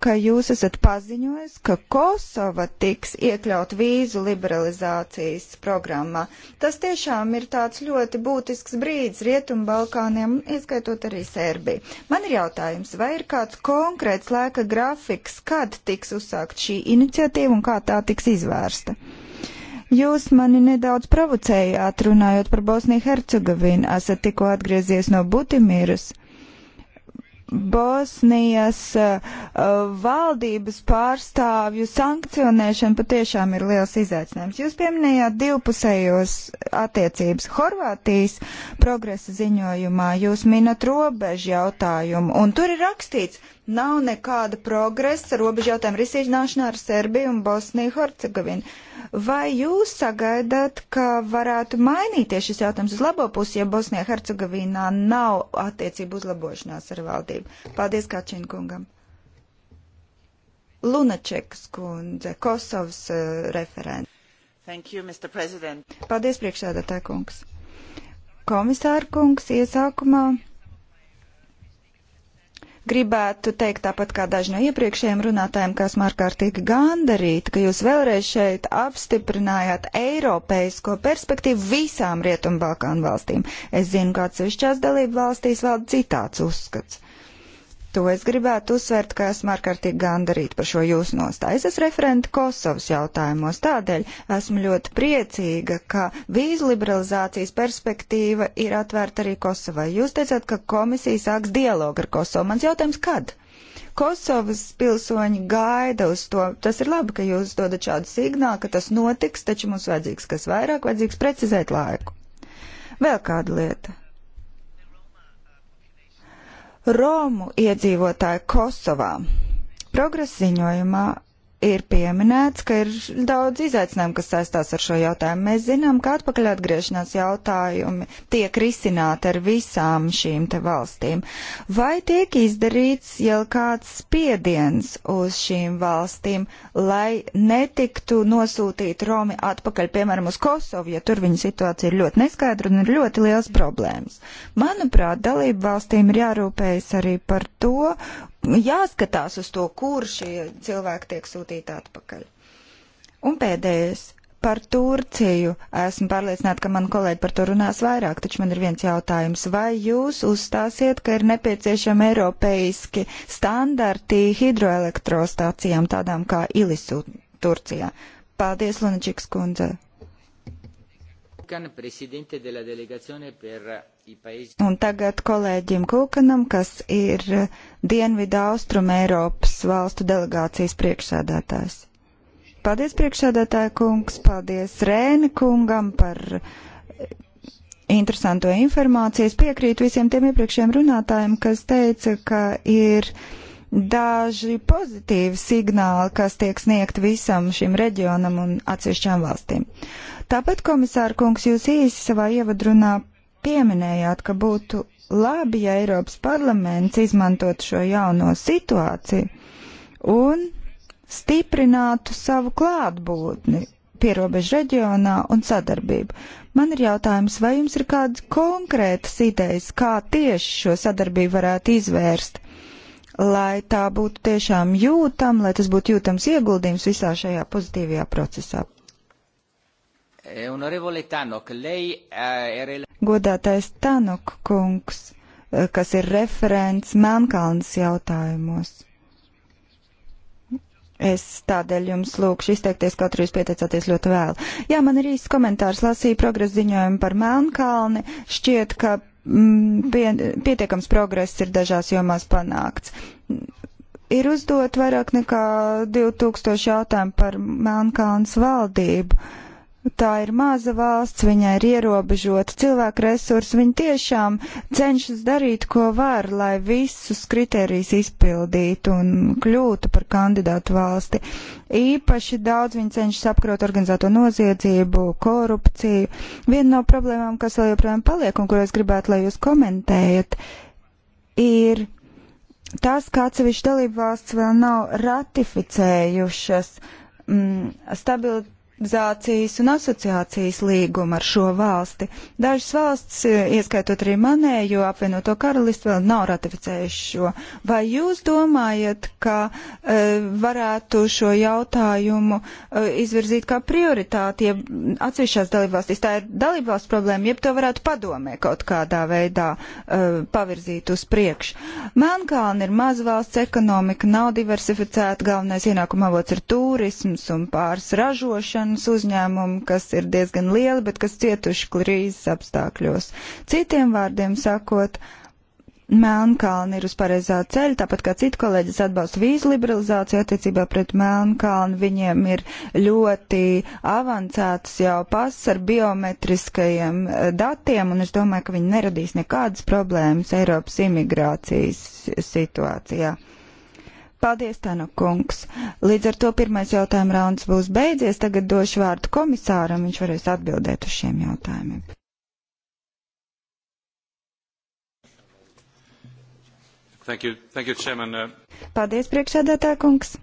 ka jūs esat paziņojis, ka Kosova tiks iekļaut vīzu liberalizācijas programmā. Tas tiešām ir tāds ļoti būtisks brīdis Rietumbalkāniem, ieskaitot arī Serbiju. Man ir jautājums, vai ir kāds konkrēts laika grafiks, kad tiks uzsākt šī iniciatīva un kā tā tiks izvērsta? Jūs mani nedaudz provocējāt, runājot par Bosniju Hercegovinu. Esat tikko atgriezies no Butimīras. Bosnijas eh, valdības pārstāvju sankcionēšana patiešām ir liels izaicinājums. Jūs pieminējāt divpusējos attiecības Horvātijas progresa ziņojumā, jūs minat robežu jautājumu, un tur ir rakstīts, Nav nekāda progresa robežu jautājumu risināšanā ar Serbiju un Bosniju Hercegovinu. Vai jūs sagaidat, ka varētu mainīties šis jautājums uz labo pusi, ja Bosnijā Hercegovinā nav attiecību uzlabošanās ar valdību? Paldies Kačinkungam. Lunačekas kundze, Kosovas uh, eh, referents. Thank you, Mr. President. Paldies, priekšsēdētāj kungs. Komisāra kungs iesākumā Gribētu teikt tāpat kā daži no iepriekšējiem runātājiem, ka esmu ārkārtīgi gandarīta, ka jūs vēlreiz šeit apstiprinājāt eiropeisko perspektīvu visām Rietumbalkānu valstīm. Es zinu, ka atsevišķās dalību valstīs valda citāds uzskats. To es gribētu uzsvērt, ka esmu ārkārtīgi gandarīta par šo jūsu nostāju. Es esmu referenta Kosovas jautājumos, tādēļ esmu ļoti priecīga, ka vīzu liberalizācijas perspektīva ir atvērta arī Kosovai. Jūs teicāt, ka komisija sāks dialogu ar Kosovu. Mans jautājums, kad? Kosovas pilsoņi gaida uz to. Tas ir labi, ka jūs dodat šādu signālu, ka tas notiks, taču mums vajadzīgs kas vairāk, vajadzīgs precizēt laiku. Vēl kāda lieta. Romu iedzīvotāji Kosovā. Progresa ziņojumā ir pieminēts, ka ir daudz izaicinājumu, kas saistās ar šo jautājumu. Mēs zinām, ka atpakaļ atgriešanās jautājumi tiek risināti ar visām šīm te valstīm. Vai tiek izdarīts jau kāds spiediens uz šīm valstīm, lai netiktu nosūtīti Romi atpakaļ, piemēram, uz Kosovu, ja tur viņa situācija ir ļoti neskaidra un ir ļoti liels problēmas? Manuprāt, dalību valstīm ir jārūpējas arī par to, jāskatās uz to, kur šie cilvēki tiek sūtīti atpakaļ. Un pēdējais par Turciju. Esmu pārliecināta, ka man kolēģi par to runās vairāk, taču man ir viens jautājums. Vai jūs uzstāsiet, ka ir nepieciešami eiropeiski standarti hidroelektrostācijām tādām kā Ilisu Turcijā? Paldies, Lunačiks kundze. Gan prezidente de la delegazione per Un tagad kolēģim Kūkanam, kas ir Dienvidu Austrum Eiropas valstu delegācijas priekšsēdētājs. Paldies priekšsēdētāja kungs, paldies Rēni kungam par interesanto informāciju. Es piekrītu visiem tiem iepriekšējiem runātājiem, kas teica, ka ir daži pozitīvi signāli, kas tiek sniegt visam šim reģionam un atsevišķām valstīm. Tāpat, komisāra kungs, jūs īsi savā ievadrunā pieminējāt, ka būtu labi, ja Eiropas parlaments izmantot šo jauno situāciju un stiprinātu savu klātbūtni pierobežu reģionā un sadarbību. Man ir jautājums, vai jums ir kādas konkrētas idejas, kā tieši šo sadarbību varētu izvērst, lai tā būtu tiešām jūtama, lai tas būtu jūtams ieguldījums visā šajā pozitīvajā procesā? Eh, eh, Godātais Tanok kungs, eh, kas ir referents Melnkalnas jautājumos. Es tādēļ jums lūkšu izteikties, kaut arī jūs pieteicāties ļoti vēl. Jā, man ir īsts komentārs, lasīju progresa ziņojumu par Melnkalni. Šķiet, ka mm, pie, pietiekams progress ir dažās jomās panākts ir uzdot vairāk nekā 2000 jautājumu par Melnkalnas valdību. Tā ir maza valsts, viņai ir ierobežota cilvēka resursa. Viņa tiešām cenšas darīt, ko var, lai visus kriterijus izpildītu un kļūtu par kandidātu valsti. Īpaši daudz viņi cenšas apkarot organizēto noziedzību, korupciju. Viena no problēmām, kas vēl joprojām paliek un ko es gribētu, lai jūs komentējat, ir tas, ka atsevišķi dalību valsts vēl nav ratificējušas mm, stabilitātes standartizācijas un asociācijas līgumu ar šo valsti. Dažas valsts, ieskaitot arī manējo apvienoto karalistu, vēl nav ratificējuši šo. Vai jūs domājat, ka e, varētu šo jautājumu e, izvirzīt kā prioritāti, ja atsevišķās dalībvalstīs tā ir dalībvalsts problēma, jeb to varētu padomē kaut kādā veidā e, pavirzīt uz priekšu? Melnkalna ir mazvalsts ekonomika, nav diversificēta, galvenais ienākuma avots ir turisms un pāris ražošana mums uzņēmumi, kas ir diezgan lieli, bet kas cietuši krīzes apstākļos. Citiem vārdiem sakot, Melnkalni ir uz pareizā ceļa, tāpat kā citi kolēģis atbalsta vīzu liberalizāciju attiecībā pret Melnkalnu. Viņiem ir ļoti avancētas jau pass ar biometriskajiem eh, datiem, un es domāju, ka viņi neradīs nekādas problēmas Eiropas imigrācijas situācijā. Uh, Paldies, Tanu kungs. Līdz ar to pirmais jautājuma rauns būs beidzies. Tagad došu vārdu komisāram, viņš varēs atbildēt uz šiem jautājumiem. Thank you. Thank you, chairman. Uh, paldies, priekšsēdētā kungs.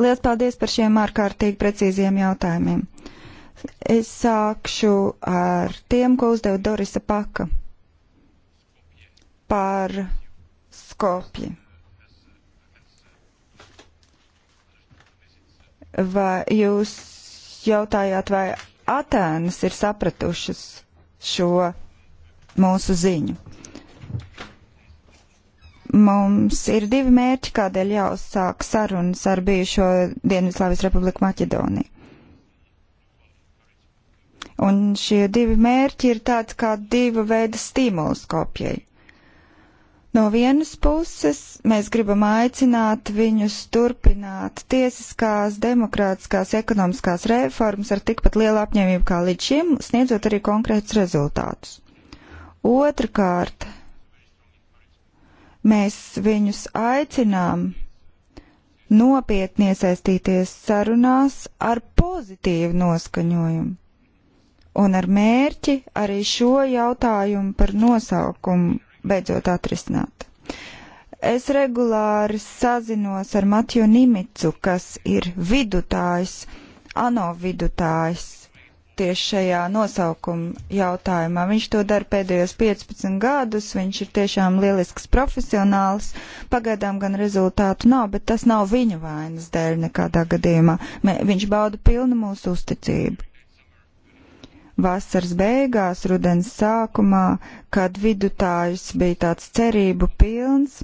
Lielas paldies par šiem ārkārtīgi precīziem jautājumiem. Es sākšu ar tiem, ko uzdeva Dorisa Paka par Skopju. Vai jūs jautājāt, vai Atēnas ir sapratušas šo mūsu ziņu? Mums ir divi mērķi, kādēļ jāuzsāk sarunas ar bijušo Dienvidslāvijas Republiku Maķedoniju. Un šie divi mērķi ir tāds kā divu veidu stimuls kopijai. No vienas puses mēs gribam aicināt viņus turpināt tiesiskās, demokrātiskās, ekonomiskās reformas ar tikpat lielu apņēmību kā līdz šim, sniedzot arī konkrētus rezultātus. Otrakārt, mēs viņus aicinām nopietni iesaistīties sarunās ar pozitīvu noskaņojumu un ar mērķi arī šo jautājumu par nosaukumu beidzot atrisināta. Es regulāri sazinos ar Matiju Nimicu, kas ir vidutājs, ANO vidutājs tieši šajā nosaukuma jautājumā. Viņš to dara pēdējos 15 gadus, viņš ir tiešām lielisks profesionāls. Pagaidām gan rezultātu nav, bet tas nav viņa vainas dēļ nekādā gadījumā. Mē, viņš bauda pilnu mūsu uzticību vasaras beigās, rudens sākumā, kad vidutājs bija tāds cerību pilns.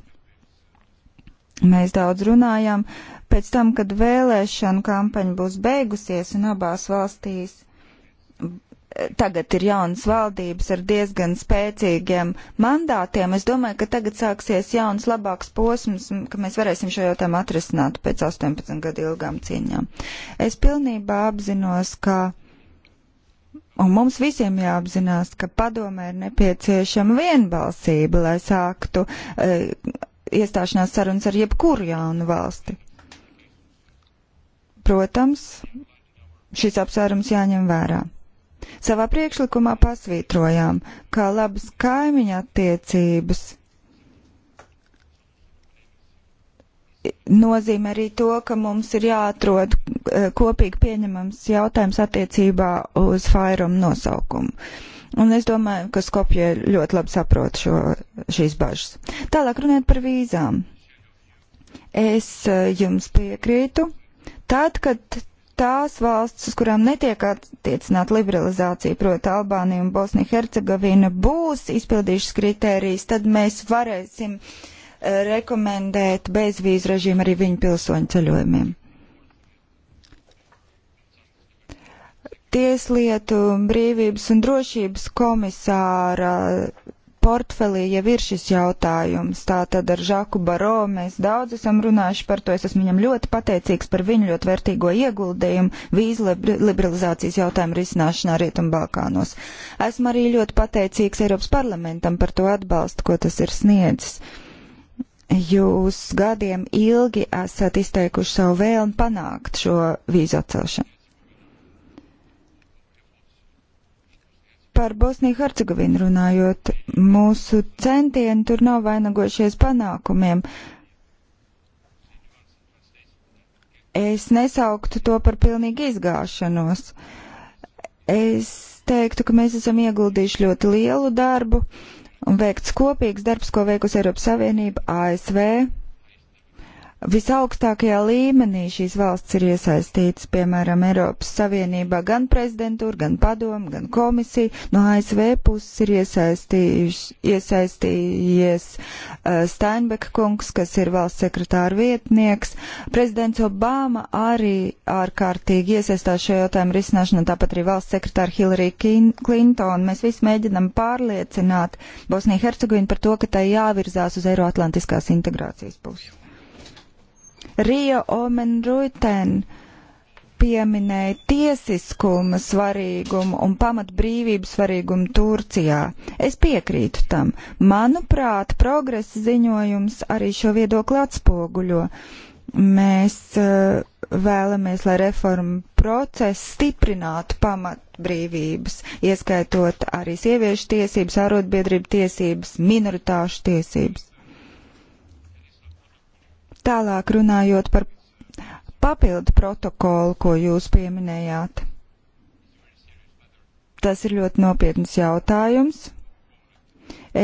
Mēs daudz runājām, pēc tam, kad vēlēšanu kampaņa būs beigusies un abās valstīs tagad ir jaunas valdības ar diezgan spēcīgiem mandātiem. Es domāju, ka tagad sāksies jauns labāks posms, ka mēs varēsim šo jautājumu atrisināt pēc 18 gadu ilgām cīņām. Es pilnībā apzinos, ka Un mums visiem jāapzinās, ka padomē ir nepieciešama vienbalsība, lai sāktu e, iestāšanās sarunas ar jebkuru jaunu valsti. Protams, šis apsvērums jāņem vērā. Savā priekšlikumā pasvītrojām, kā labas kaimiņa attiecības nozīmē arī to, ka mums ir jāatrod e, kopīgi pieņemams jautājums attiecībā uz fairumu nosaukumu. Un es domāju, ka Skopje ļoti labi saprot šo, šīs bažas. Tālāk runājot par vīzām. Es e, jums piekrītu. Tad, kad tās valsts, uz kurām netiek attiecināta liberalizācija, proti Albānija un Bosnija-Hercegovina, būs izpildījušas kritērijas, tad mēs varēsim uh, rekomendēt bezvīzu režīmu arī viņu pilsoņu ceļojumiem. Tieslietu brīvības un drošības komisāra portfelī jau ir šis jautājums. Tātad ar Žaku Baro mēs daudz esam runājuši par to. Es esmu viņam ļoti pateicīgs par viņu ļoti vērtīgo ieguldījumu vīzu liberalizācijas jautājumu risināšanā Rietumbalkānos. Esmu arī ļoti pateicīgs Eiropas parlamentam par to atbalstu, ko tas ir sniedzis. Uh, Jūs gadiem ilgi esat izteikuši savu vēlmi panākt šo vīzu atcelšanu. Par Bosniju Hercegovinu runājot, mūsu centieni tur nav vainagojušies panākumiem. Es nesauktu to par pilnīgi izgāšanos. Es teiktu, ka mēs esam ieguldījuši ļoti lielu darbu. Uh, un veikts kopīgs darbs, ko veikusi Eiropas Savienība, ASV, Visaugstākajā līmenī šīs valsts ir iesaistītas, piemēram, Eiropas Savienībā gan prezidentūra, gan padomu, gan komisija. No ASV puses ir iesaistījies uh, Steinbeka kungs, kas ir valsts sekretāra vietnieks. Prezidents Obama arī ārkārtīgi iesaistās šajā jautājuma risināšanā, tāpat arī valsts sekretāra Hillary Clinton. Mēs visi mēģinam pārliecināt Bosniju Hercegovinu par to, ka tai jāvirzās uz Eiroatlantiskās integrācijas pusi. Rio Omen Ruiten pieminēja tiesiskuma svarīgumu un pamatbrīvību svarīgumu Turcijā. Es piekrītu tam. Manuprāt, progresa ziņojums arī šo viedokli atspoguļo. Mēs uh, vēlamies, lai reforma process stiprinātu pamatbrīvības, ieskaitot arī sieviešu tiesības, arotbiedrību tiesības, minoritāšu tiesības. Tālāk runājot par papildu protokolu, ko jūs pieminējāt. Tas ir ļoti nopietns jautājums.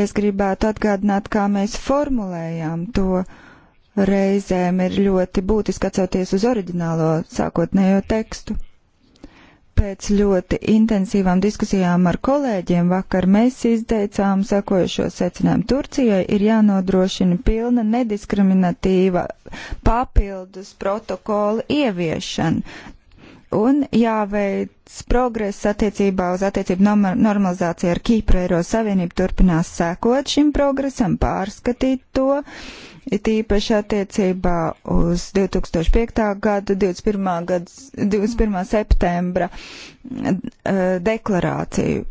Es gribētu atgādināt, kā mēs formulējām to. Reizēm ir ļoti būtiski atsaukties uz oriģinālo sākotnējo tekstu. Pēc ļoti intensīvām diskusijām ar kolēģiem vakar mēs izteicām sekojušo secinājumu. Turcijai ir jānodrošina pilna nediskriminatīva papildus protokola ieviešana un jāveic progress attiecībā uz attiecību normalizāciju ar Kīpru Eiropas Savienību turpinās sekot šim progresam, pārskatīt to, it īpaši attiecībā uz 2005. gada 21. Gads, 21. septembra eh, deklarāciju.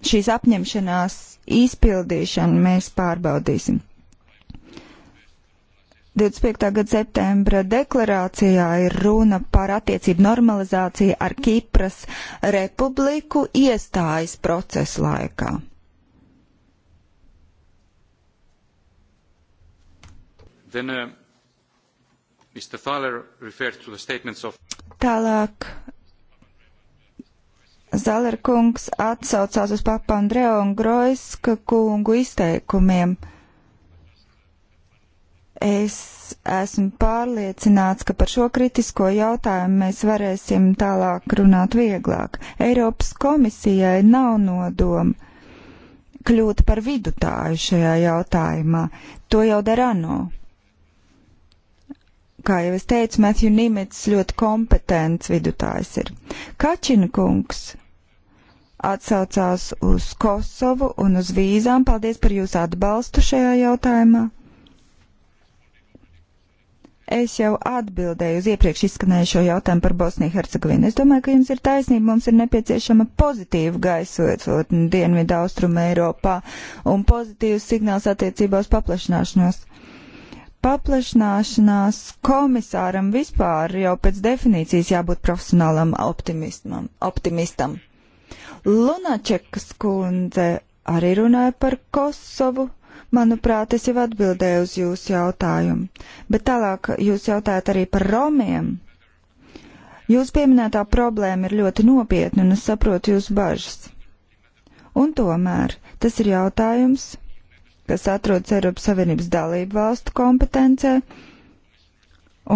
Šīs apņemšanās izpildīšanu mēs pārbaudīsim. 25. gada septembra deklarācijā ir runa par attiecību normalizāciju ar Kipras republiku iestājas procesa laikā. Then, uh, Mr. Thaler referred to the statements of Tālāk Zalerkungs atsaucās uz Papa Andreo un Groiska kungu izteikumiem. Uh, Es esmu pārliecināts, ka par šo kritisko jautājumu mēs varēsim tālāk runāt vieglāk. Eiropas komisijai nav nodoma kļūt par vidutāju šajā jautājumā. To jau dara ANO. Kā jau es teicu, Matthew Nimits ļoti kompetents vidutājs ir. Kačina kungs atsaucās uz Kosovu un uz vīzām. Paldies par jūsu atbalstu šajā jautājumā. Es jau atbildēju uz iepriekš izskanējušo jautājumu par Bosniju Hercegovinu. Es domāju, ka jums ir taisnība, mums ir nepieciešama pozitīva gaisotne Dienvidu Austrumu Eiropā un pozitīvs signāls attiecībā uz paplašināšanos. Paplašināšanās komisāram vispār jau pēc definīcijas jābūt profesionālam optimistam. Lunačekas kundze arī runāja par Kosovu Manuprāt, es jau atbildēju uz jūsu jautājumu, bet tālāk jūs jautājat arī par romiem. Jūs pieminētā problēma ir ļoti nopietna, un es saprotu jūsu bažas. Un tomēr tas ir jautājums, kas atrodas Eiropas Savienības dalību valstu kompetencē,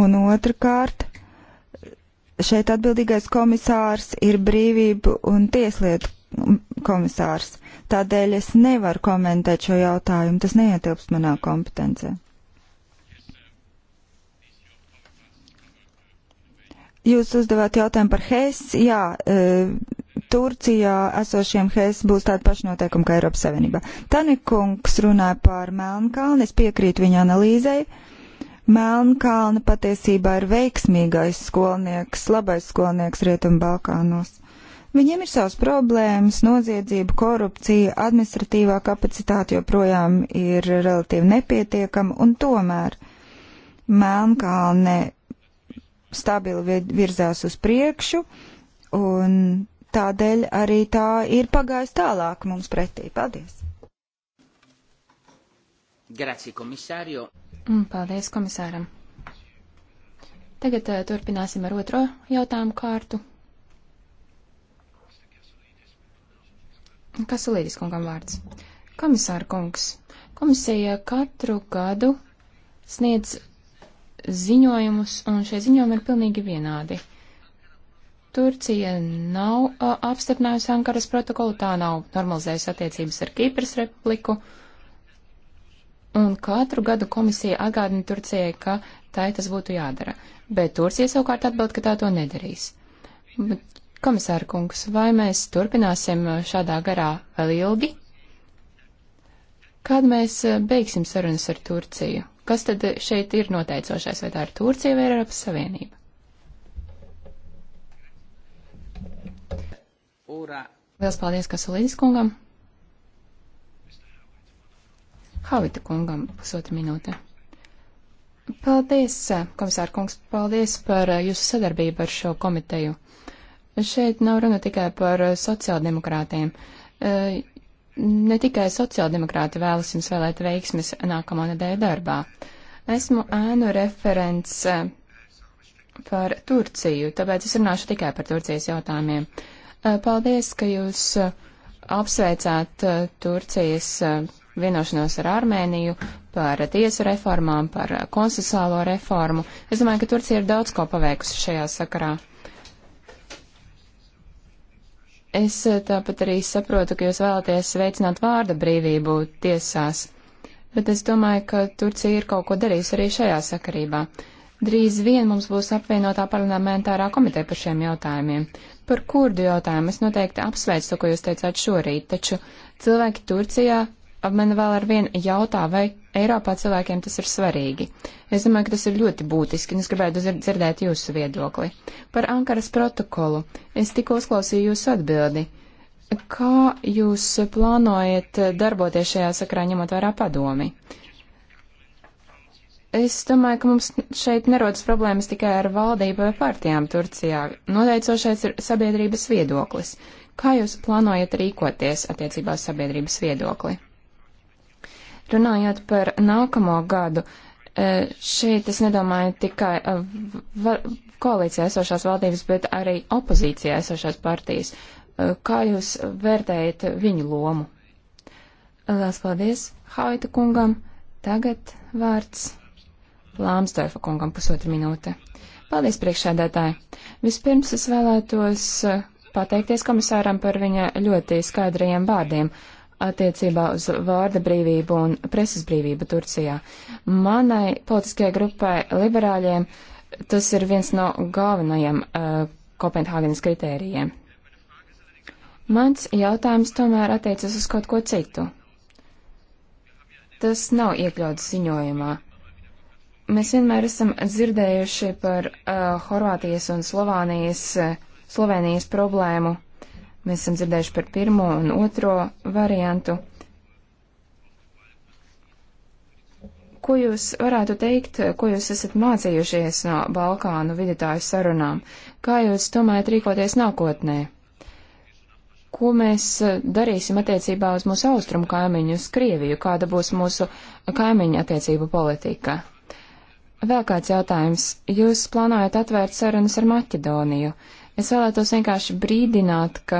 un otrkārt, šeit atbildīgais komisārs ir brīvību un tieslietu komisārs. Tādēļ es nevaru komentēt šo jautājumu, tas neietilpst manā kompetencē. Jūs uzdevāt jautājumu par HES. Jā, e, Turcijā esošiem HES būs tāda pašnoteikuma kā Eiropas Savienībā. Tanikungs runāja par Melnkalni, es piekrītu viņa analīzei. Melnkalni patiesībā ir veiksmīgais skolnieks, labais skolnieks Rietumbalkānos. Viņiem ir savas problēmas, noziedzība, korupcija, administratīvā kapacitāte joprojām ir relatīvi nepietiekama, un tomēr Melnkalne stabili virzās uz priekšu, un tādēļ arī tā ir pagājusi tālāk mums pretī. Paldies! Grazie, komisārio! Mm, paldies komisāram! Tagad uh, turpināsim ar otro jautājumu kārtu. Kas Līdis kungam vārds? Komisāra kungs. Komisija katru gadu sniedz ziņojumus, un šie ziņojumi ir pilnīgi vienādi. Turcija nav uh, apstiprinājusi Ankaras protokolu, tā nav normalizējusi attiecības ar Kīpras republiku. Un katru gadu komisija atgādina Turcijai, ka tai tas būtu jādara. Bet Turcija savukārt atbild, ka tā to nedarīs. Bet Komisāra kungs, vai mēs turpināsim šādā garā vēl ilgi? Kad mēs eh, beigsim sarunas ar Turciju? Kas tad šeit ir noteicošais, vai tā ir Turcija vai Eiropas Savienība? Liels paldies Kasulīdis kungam. Havita kungam pusotra minūte. Paldies, eh, komisāra kungs, paldies par eh, jūsu sadarbību ar šo komiteju. Šeit nav runa tikai par eh, sociāldemokrātiem. Eh, ne tikai sociāldemokrāti vēlas jums vēlēt veiksmes nākamā nedēļa darbā. Esmu ēnu referents eh, par Turciju, tāpēc es runāšu tikai par Turcijas jautājumiem. Paldies, ka jūs apsveicāt Turcijas vienošanos ar Armēniju par tiesu reformām, par konstitucionālo reformu. Es domāju, ka Turcija ir daudz ko paveikusi šajā sakarā. Es eh, tāpat arī saprotu, ka jūs vēlaties veicināt vārda brīvību tiesās, bet es domāju, ka Turcija ir kaut ko darījusi arī šajā sakarībā. Drīz vien mums būs apvienotā parlamentārā komiteja par šiem jautājumiem. Par kurdu jautājumu es noteikti apsveicu to, ko jūs teicāt šorīt, taču cilvēki Turcijā man vēl ar vienu jautā, vai Eiropā cilvēkiem tas ir svarīgi. Es domāju, ka tas ir ļoti būtiski, un es gribētu dzirdēt jūsu viedokli. Par Ankaras protokolu. Es tikko uzklausīju jūsu atbildi. Kā jūs plānojat darboties šajā sakrā, ņemot vērā padomi? Es domāju, ka mums šeit nerodas problēmas tikai ar valdību vai partijām Turcijā. Noteicošais ir sabiedrības viedoklis. Kā jūs plānojat rīkoties attiecībā uz sabiedrības viedokli? Runājot par nākamo gadu, e, šeit es nedomāju tikai e, koalīcijā esošās valdības, bet arī opozīcijā esošās partijas. E, kā jūs vērtējat viņu lomu? Lielas paldies Haita kungam. Tagad vārds Lāmsdorfa kungam pusotra minūte. Paldies priekšēdētāji. Vispirms es vēlētos pateikties komisāram par viņa ļoti skaidrajiem vārdiem. Uh, attiecībā uz vārda brīvību un presas brīvību Turcijā. Manai politiskajai grupai liberāļiem tas ir viens no galvenajiem uh, Kopenhāgenes kritērijiem. Mans jautājums tomēr attiecas uz kaut ko citu. Tas nav iekļauts ziņojumā. Mēs vienmēr esam dzirdējuši par uh, Horvātijas un Slovānijas, uh, Slovenijas problēmu Mēs esam dzirdējuši par pirmo un otro variantu. Ko jūs varētu teikt, ko jūs esat mācījušies no Balkānu vidutāju sarunām? Kā jūs domājat rīkoties nākotnē? ko mēs eh, darīsim attiecībā uz mūsu austrumu kaimiņu, uz Krieviju, kāda būs mūsu kaimiņu attiecību politika. Vēl kāds jautājums. Jūs plānojat atvērt sarunas ar Maķedoniju. Es vēlētos vienkārši brīdināt, ka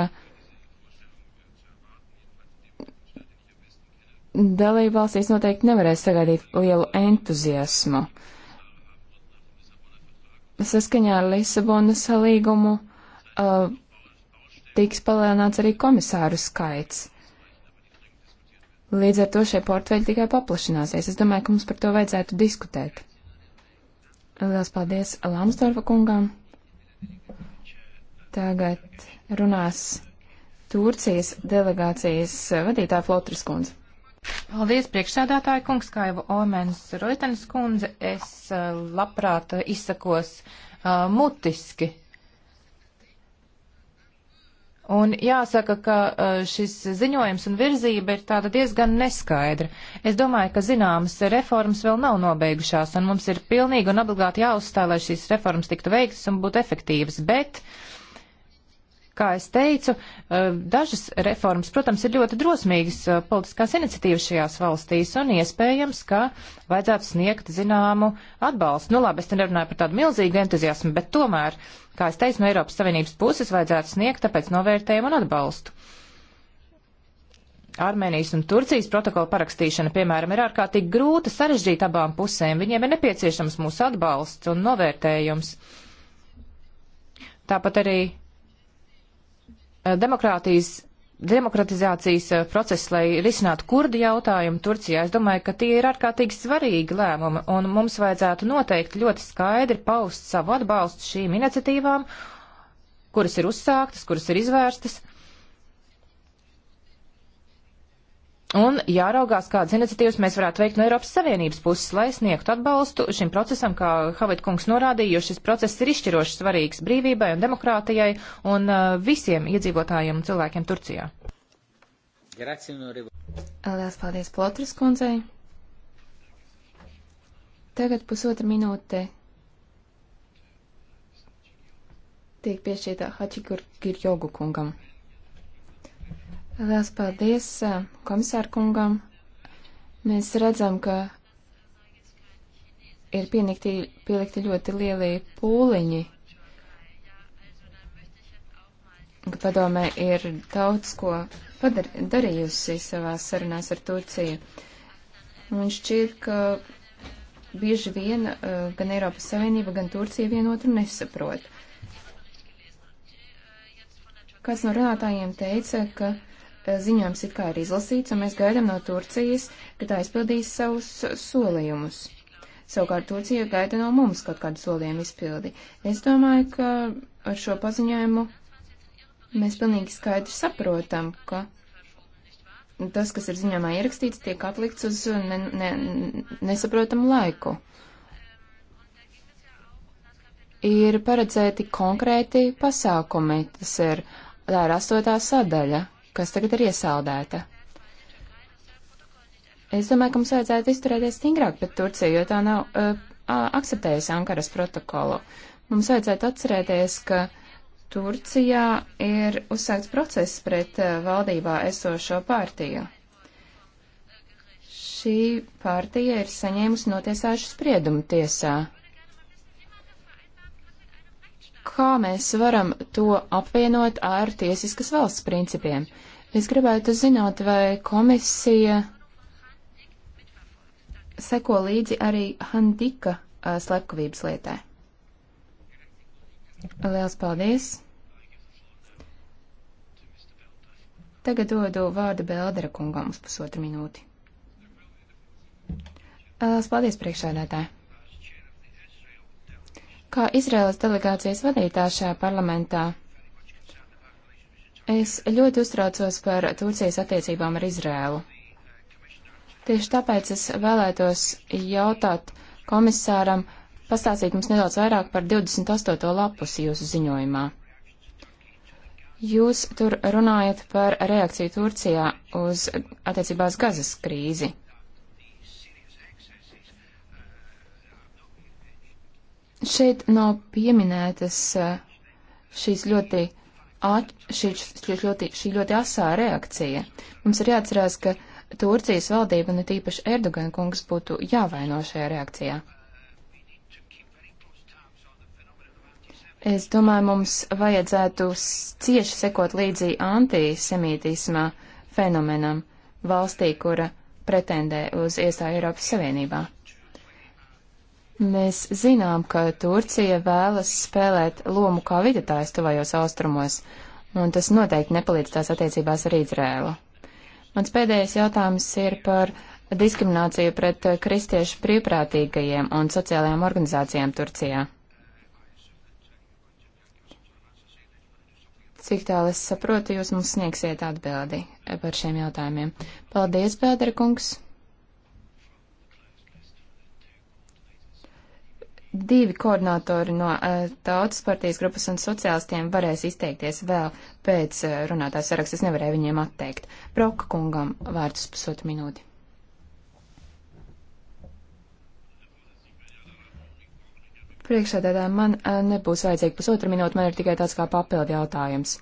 dalību valstīs noteikti nevarēs sagaidīt lielu entuziasmu. Saskaņā ar Lisabonas līgumu uh, tiks palielināts arī komisāru skaits. Līdz ar to šie portfeļi tikai paplašināsies. Es domāju, ka mums par to vajadzētu diskutēt. Lielas paldies Lamsdorfa kungam. Tagad runās Turcijas delegācijas vadītāja Flotris kundze. Paldies, priekšsēdētāja kungs, kā jau Omens Roitenes kundze. Es uh, labprāt izsakos uh, mutiski. Un jāsaka, ka uh, šis ziņojums un virzība ir tāda diezgan neskaidra. Es domāju, ka zināmas reformas vēl nav nobeigušās, un mums ir pilnīgi un obligāti jāuzstāv, lai šīs reformas tiktu veiktas un būtu efektīvas. Bet uh, Kā es teicu, eh, dažas reformas, protams, ir ļoti drosmīgas eh, politiskās iniciatīvas šajās valstīs un iespējams, ka vajadzētu sniegt zināmu atbalstu. Nu labi, es te nerunāju par tādu milzīgu entuziasmu, bet tomēr, kā es teicu, no Eiropas Savienības puses vajadzētu sniegt tāpēc novērtējumu un atbalstu. Armēnijas un Turcijas protokola parakstīšana, piemēram, ir ārkārtīgi grūta sarežģīta abām pusēm. Viņiem ir nepieciešams mūsu atbalsts un novērtējums. Tāpat arī Eh, demokrātijas demokratizācijas eh, process, lai risinātu kurdi jautājumu Turcijā. Es domāju, ka tie ir ārkārtīgi svarīgi lēmumi, un mums vajadzētu noteikti ļoti skaidri paust savu atbalstu šīm iniciatīvām, kuras ir uzsāktas, kuras ir izvērstas, un jāraugās, kādas iniciatīvas mēs varētu veikt no Eiropas Savienības puses, lai sniegtu atbalstu šim procesam, kā Havit kungs norādīja, jo šis process ir izšķiroši svarīgs brīvībai un demokrātijai un uh, visiem iedzīvotājiem un cilvēkiem Turcijā. Lielas paldies Plotras kundzei. Tagad pusotra minūte tiek piešķīta Hačikir Kirjogu kungam. Lielas paldies komisārkungam. Mēs redzam, ka ir pienikti, pielikti ļoti lieli pūliņi. Padomē ir daudz ko padar, darījusi savā sarunās ar Turciju. Un šķiet, ka bieži vien gan Eiropas Savienība, gan Turcija vienotru nesaprot. Kāds no runātājiem teica, ka ziņojums it kā ir izlasīts, un mēs gaidām no Turcijas, ka tā izpildīs savus solījumus. Savukārt Turcija gaida no mums kaut kādu solījumu izpildi. Es domāju, ka ar šo paziņojumu mēs pilnīgi skaidri saprotam, ka tas, kas ir ziņojumā ierakstīts, tiek atlikts uz ne, ne, nesaprotamu laiku. Ir paredzēti konkrēti pasākumi, tas ir, tā ir astotā sadaļa, kas tagad ir iesaldēta. Es domāju, ka mums vajadzētu izturēties stingrāk pret Turciju, jo tā nav uh, akceptējusi Ankaras protokolu. Mums vajadzētu atcerēties, ka Turcijā ir uzsākts process pret uh, valdībā esošo partiju. Šī partija ir saņēmusi notiesāšu spriedumu tiesā. Uh, kā mēs varam to apvienot ar tiesiskas valsts principiem. Es gribētu zināt, vai komisija seko līdzi arī Handika slepkavības lietē. Liels paldies! Tagad dodu vārdu Beldera kungam uz pusotru minūti. Liels paldies priekšādātāji! Kā Izraēlas delegācijas vadītājs šajā parlamentā, es ļoti uztraucos par Turcijas attiecībām ar Izraēlu. Tieši tāpēc es vēlētos jautāt komisāram, pastāstīt mums nedaudz vairāk par 28. lapusi jūsu ziņojumā. Jūs tur runājat par reakciju Turcijā uz attiecībās gazas krīzi. Šeit nav pieminētas eh, šīs ļoti, at, šī, šī, ļoti, šī ļoti asā reakcija. Mums ir jāatcerās, ka Turcijas valdība un nu tīpaši Erdogan kungs būtu jāvaino šajā reakcijā. Es domāju, mums vajadzētu cieši sekot līdzi antisemītismā fenomenam valstī, kura pretendē uz iestāju Eiropas Savienībā. Mēs zinām, ka Turcija vēlas spēlēt lomu kā vidutājs tuvajos austrumos, un tas noteikti nepalīdz tās attiecībās ar Izrēlu. Mans pēdējais jautājums ir par diskrimināciju pret kristiešu brīvprātīgajiem un sociālajām organizācijām Turcijā. Cik tālu es saprotu, jūs mums sniegsiet atbildi par šiem jautājumiem. Paldies, Pēterkungs! divi koordinātori no uh, Tautas partijas grupas un sociālistiem varēs izteikties vēl pēc uh, eh, runātājs sarakstas, nevarēju viņiem atteikt. Broka kungam vārds pusotru minūti. Priekšsēdētājiem man uh, nebūs vajadzīga pusotra minūte, man ir tikai tāds kā papildi jautājums.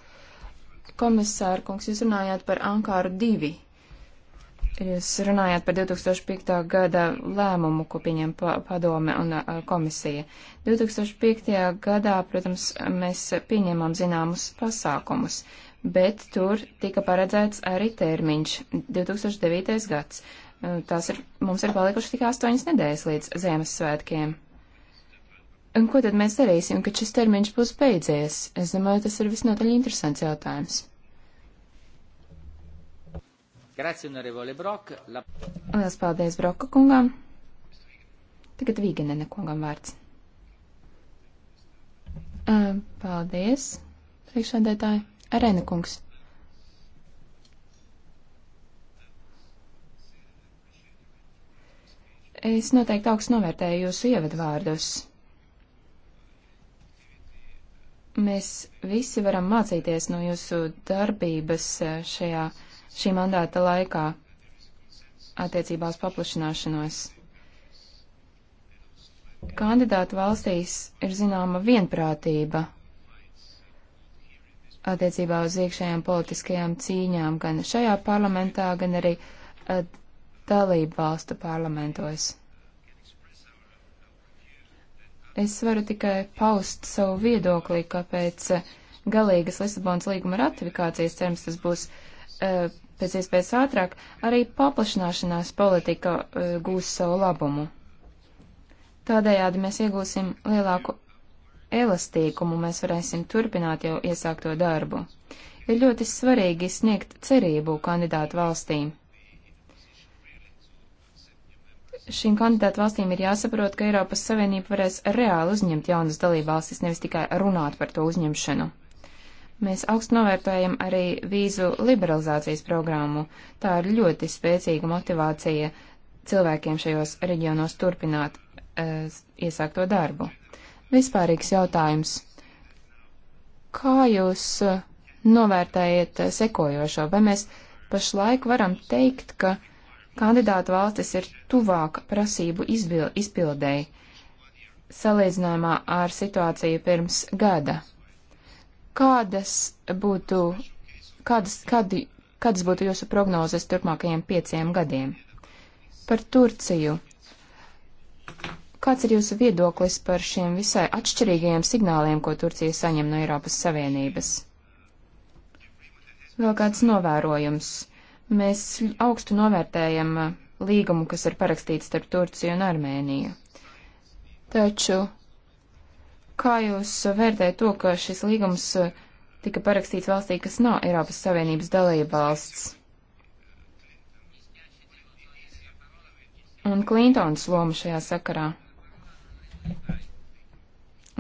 Komisāra kungs, jūs runājāt par Ankāru divi Jūs runājāt par 2005. gada lēmumu, ko pieņem padome un komisija. 2005. gadā, protams, mēs pieņēmām zināmus pasākumus, bet tur tika paredzēts arī termiņš - 2009. gads. Tās ir, mums ir palikuši tikai astoņas nedēļas līdz Ziemassvētkiem. Un ko tad mēs darīsim, kad šis termiņš būs beidzies? Es domāju, tas ir visnotaļ interesants jautājums. Grazie, onorevole Brok. La... Lielas paldies Broka kungam. Tagad Vīgenene kungam vārds. Paldies, priekšādētāji. Arēna kungs. Es noteikti augstu novērtēju jūsu ievadvārdus. Mēs visi varam mācīties no jūsu darbības šajā šī mandāta laikā attiecībā uz paplašināšanos. Kandidātu valstīs ir zināma vienprātība attiecībā uz iekšējām politiskajām cīņām gan šajā parlamentā, gan arī eh, dalību valstu parlamentos. Es varu tikai paust savu viedokli, ka pēc eh, galīgas Lisabonas līguma ratifikācijas cerams tas būs uh, pēc iespējas ātrāk, arī paplašināšanās politika uh, gūs savu labumu. Tādējādi mēs iegūsim lielāku elastīgumu, mēs varēsim turpināt jau iesākto darbu. Ir ļoti svarīgi sniegt cerību kandidātu valstīm. Šīm kandidātu valstīm ir jāsaprot, ka Eiropas Savienība varēs reāli uzņemt jaunas dalībvalstis, nevis tikai runāt par to uzņemšanu. Mēs augstu novērtējam arī vīzu liberalizācijas programmu. Tā ir ļoti spēcīga motivācija cilvēkiem šajos reģionos turpināt uh, iesākto darbu. Vispārīgs jautājums. Kā jūs eh, novērtējat eh, sekojošo? Vai mēs pašlaik varam teikt, ka kandidātu valstis ir tuvāk prasību izpildēji salīdzinājumā ar situāciju pirms gada? Kādas būtu, kādas, kādi, kādas būtu jūsu prognozes turpmākajiem pieciem gadiem? Par Turciju. Kāds ir jūsu viedoklis par šiem visai atšķirīgajiem signāliem, ko Turcija saņem no Eiropas Savienības? Vēl kāds novērojums. Mēs augstu novērtējam līgumu, kas ir parakstīts starp Turciju un Armēniju. Taču Kā jūs vērtējat to, ka šis līgums eh, tika parakstīts valstī, kas nav Eiropas Savienības dalība valsts? Un Klintons loma šajā sakarā.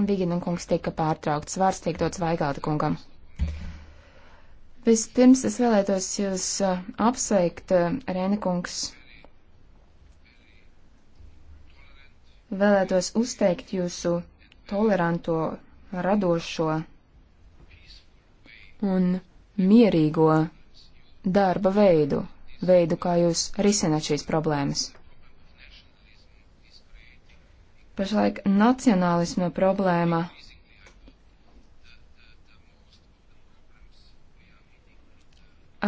Vigina kungs tika pārtraukts, vārds tiek dots Vaigalda kungam. Vispirms es vēlētos jūs eh, apsveikt, eh, Rēne kungs. Vēlētos uzteikt jūsu toleranto, radošo un mierīgo darba veidu, veidu, kā jūs risināt šīs problēmas. Pašlaik nacionālisma problēma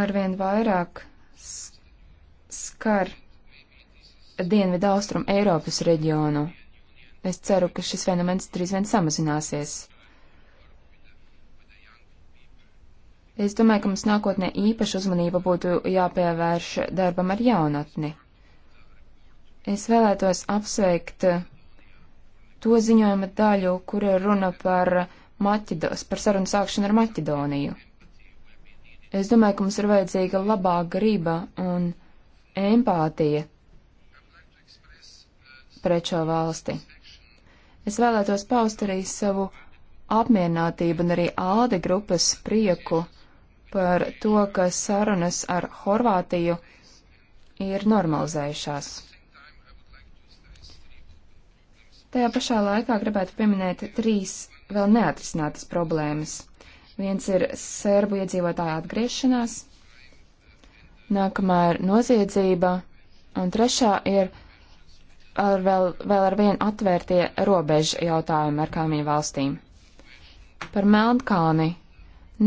arvien vairāk skar Dienvidu Austrum Eiropas reģionu. Es ceru, ka šis fenomens drīz vien samazināsies. Es domāju, ka mums nākotnē īpaši uzmanība būtu jāpievērš darbam ar jaunatni. Es vēlētos apsveikt eh, to ziņojuma daļu, kur ir runa par, Maķido, par sarunu sākšanu ar Maķedoniju. Es domāju, ka mums ir vajadzīga labāka grība un empātija pret šo valsti. Es vēlētos paust arī savu apmierinātību un arī āde grupas prieku par to, ka sarunas ar Horvātiju ir normalizējušās. Tajā pašā laikā gribētu pieminēt trīs vēl neatrisinātas problēmas. Viens ir sērbu iedzīvotāja atgriešanās, nākamā ir noziedzība, un trešā ir ar vēl, vēl ar vienu atvērtie robežu jautājumi ar kaimiņu valstīm. Par Melnkalni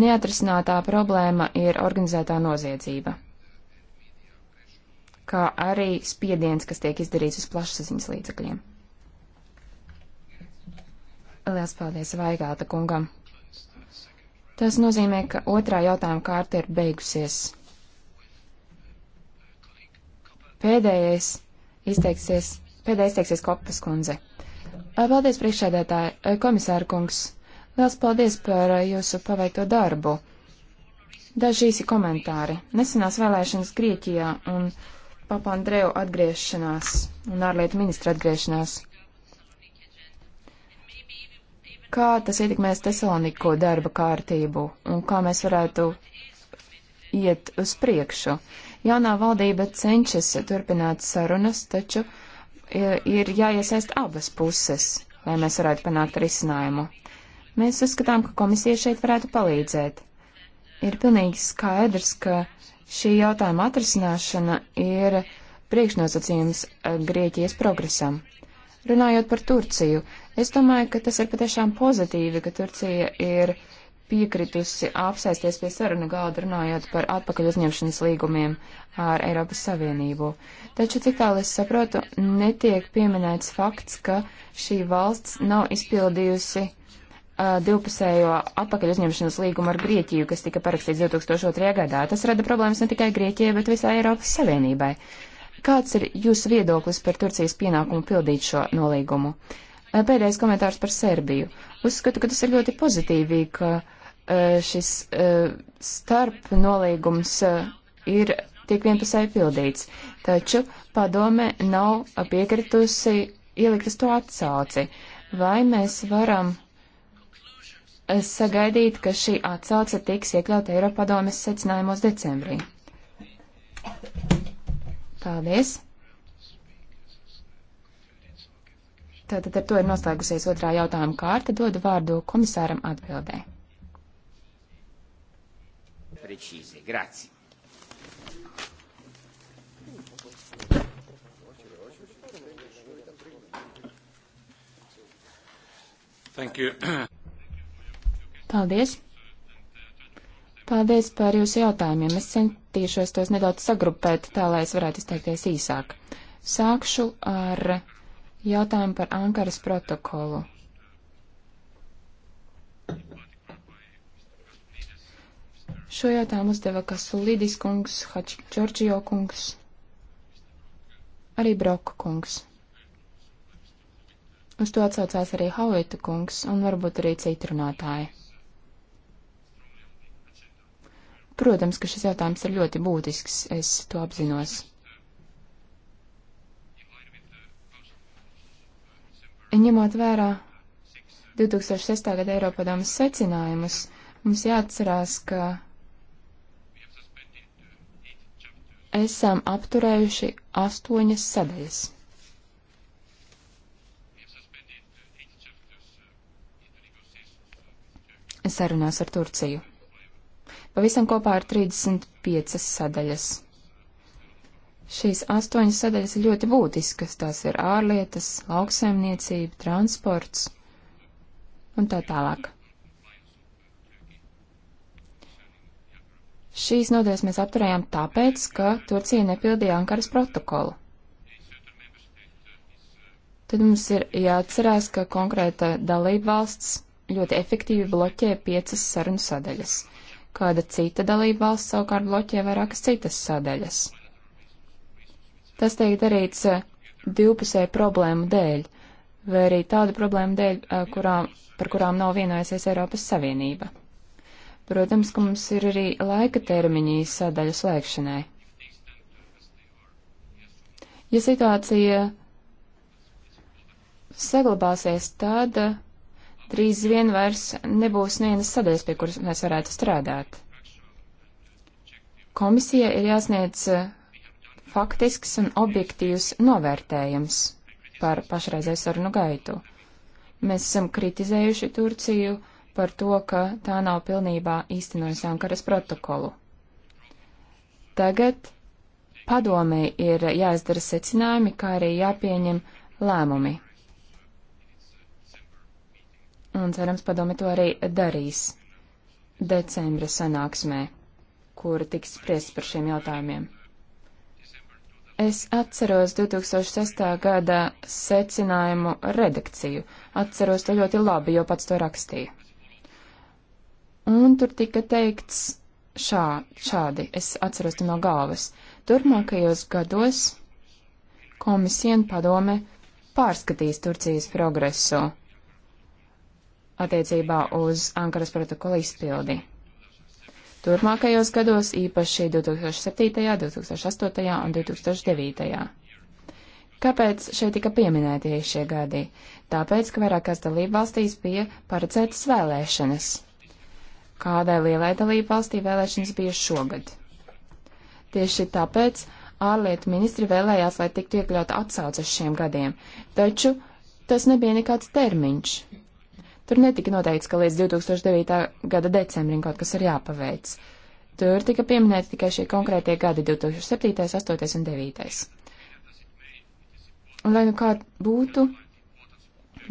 neatrisinātā problēma ir organizētā noziedzība, kā arī spiediens, kas tiek izdarīts uz plašsaziņas līdzekļiem. Lielas paldies Vaigāta kungam. Tas nozīmē, ka otrā jautājuma kārta ir beigusies. Pēdējais izteiksies Pēdējais teiksies Kopas kundze. Paldies, priekšsēdētāji, komisāra kungs. Liels paldies par jūsu paveikto darbu. Daži īsi komentāri. Nesenās vēlēšanas Grieķijā un Papandreju atgriešanās un ārlietu ministra atgriešanās. Kā tas ietekmēs Tesaloniko darba kārtību un kā mēs varētu iet uz priekšu? Jaunā valdība cenšas turpināt sarunas, taču ir jāiesaist abas puses, lai mēs varētu panākt risinājumu. Mēs uzskatām, ka komisija šeit varētu palīdzēt. Ir pilnīgi skaidrs, ka šī jautājuma atrisināšana ir priekšnosacījums eh, Grieķijas progresam. Runājot par Turciju, es domāju, ka tas ir patiešām pozitīvi, ka Turcija ir uh, piekritusi apsēsties pie sarunu galda runājot par atpakaļ uzņemšanas līgumiem ar Eiropas Savienību. Taču, cik tālu es saprotu, netiek pieminēts fakts, ka šī valsts nav izpildījusi uh, divpusējo atpakaļ uzņemšanas līgumu ar Grieķiju, kas tika parakstīts 2002. gadā. Tas rada problēmas ne tikai Grieķijai, bet visai Eiropas Savienībai. Kāds ir jūsu viedoklis par Turcijas pienākumu pildīt šo nolīgumu? Pēdējais komentārs par Serbiju. Uzskatu, ka tas ir ļoti pozitīvi, ka uh, E, šis e, starp nolīgums e, ir tiek vienpusēji pildīts, taču padome nav piekritusi ielikt uz to atsauci. Vai mēs varam sagaidīt, ka šī atsauce tiks iekļauta Eiropadomes secinājumos decembrī? Paldies! Tātad ar to ir noslēgusies otrā jautājuma kārta. Dodu vārdu komisāram atbildē precise. Grazie. Paldies. Paldies par jūsu jautājumiem. Es centīšos tos nedaudz sagrupēt tā, lai es varētu izteikties īsāk. Sākšu ar jautājumu par Ankaras protokolu. Šo jautājumu uzdeva Kasulidis kungs, Hadžģorģio kungs, arī Broka kungs. Uz to atsaucās arī Haulita kungs un varbūt arī citi runātāji. Protams, ka šis jautājums ir ļoti būtisks, es to apzinos. Ņemot vērā 2006. gada Eiropadomas secinājumus, mums jāatcerās, ka esam apturējuši astoņas sadaļas. Sarunās ar Turciju. Pavisam kopā ir 35 sadaļas. Šīs astoņas sadaļas ir ļoti būtiskas. Tās ir ārlietas, lauksaimniecība, transports un tā tālāk. Šīs nodaļas mēs apturējām tāpēc, ka Turcija nepildīja Ankaras protokolu. Tad mums ir jāatcerās, ka konkrēta dalība valsts ļoti efektīvi bloķē piecas sarunu sadaļas. Kāda cita dalība valsts savukārt bloķē vairākas citas sadaļas. Tas tiek darīts eh, divpusēju problēmu dēļ, vai arī tādu problēmu dēļ, eh, kurām, par kurām nav vienojusies Eiropas Savienība. Protams, ka mums ir arī laika termiņi sadaļu slēgšanai. Ja situācija saglabāsies, tad drīz vien vairs nebūs vienas sadaļas, pie kuras mēs varētu strādāt. Komisija ir jāsniedz faktisks un objektīvs novērtējums par pašreizēju sarunu gaitu. Mēs esam kritizējuši Turciju par to, ka tā nav pilnībā īstenojusi Ankaras protokolu. Tagad padomē ir jāizdara secinājumi, kā arī jāpieņem lēmumi. Un cerams, padomi to arī darīs decembra sanāksmē, kur tiks spriest par šiem jautājumiem. Es atceros 2006. gada secinājumu redakciju. Atceros to ļoti labi, jo pats to rakstīju un tur tika teikts šā, šādi, es atceros to no galvas. Turmākajos gados komisija un padome pārskatīs Turcijas progresu attiecībā uz Ankaras protokolu izpildi. Turpmākajos gados īpaši 2007., 2008. un 2009. Kāpēc šeit tika pieminēti šie gadi? Tāpēc, ka vairākās dalībvalstīs bija paredzētas vēlēšanas kādai lielai dalību valstī vēlēšanas bija šogad. Tieši tāpēc ārlietu ministri vēlējās, lai tiktu iekļauta atsauce šiem gadiem, taču tas nebija nekāds termiņš. Tur netika noteikts, ka līdz 2009. gada decembrim kaut kas ir jāpaveic. Tur tika pieminēti tikai šie konkrētie gadi - 2007., 2008 un 2009. Lai nu kā būtu,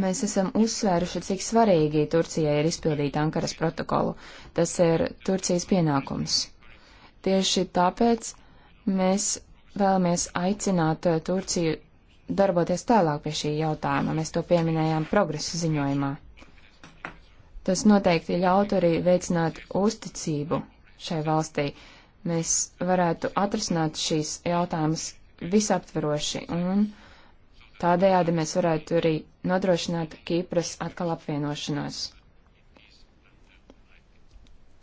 Mēs esam uzsvēruši, cik svarīgi Turcijai ir izpildīt Ankaras protokolu. Tas ir Turcijas pienākums. Tieši tāpēc mēs vēlamies aicināt eh, Turciju darboties tālāk pie šī jautājuma. Mēs to pieminējām progresa ziņojumā. Tas noteikti ļautu arī veicināt uzticību šai valstī. Mēs varētu atrisināt šīs jautājumas visaptveroši un uh, Tādējādi mēs varētu arī nodrošināt Kīpras atkal apvienošanos.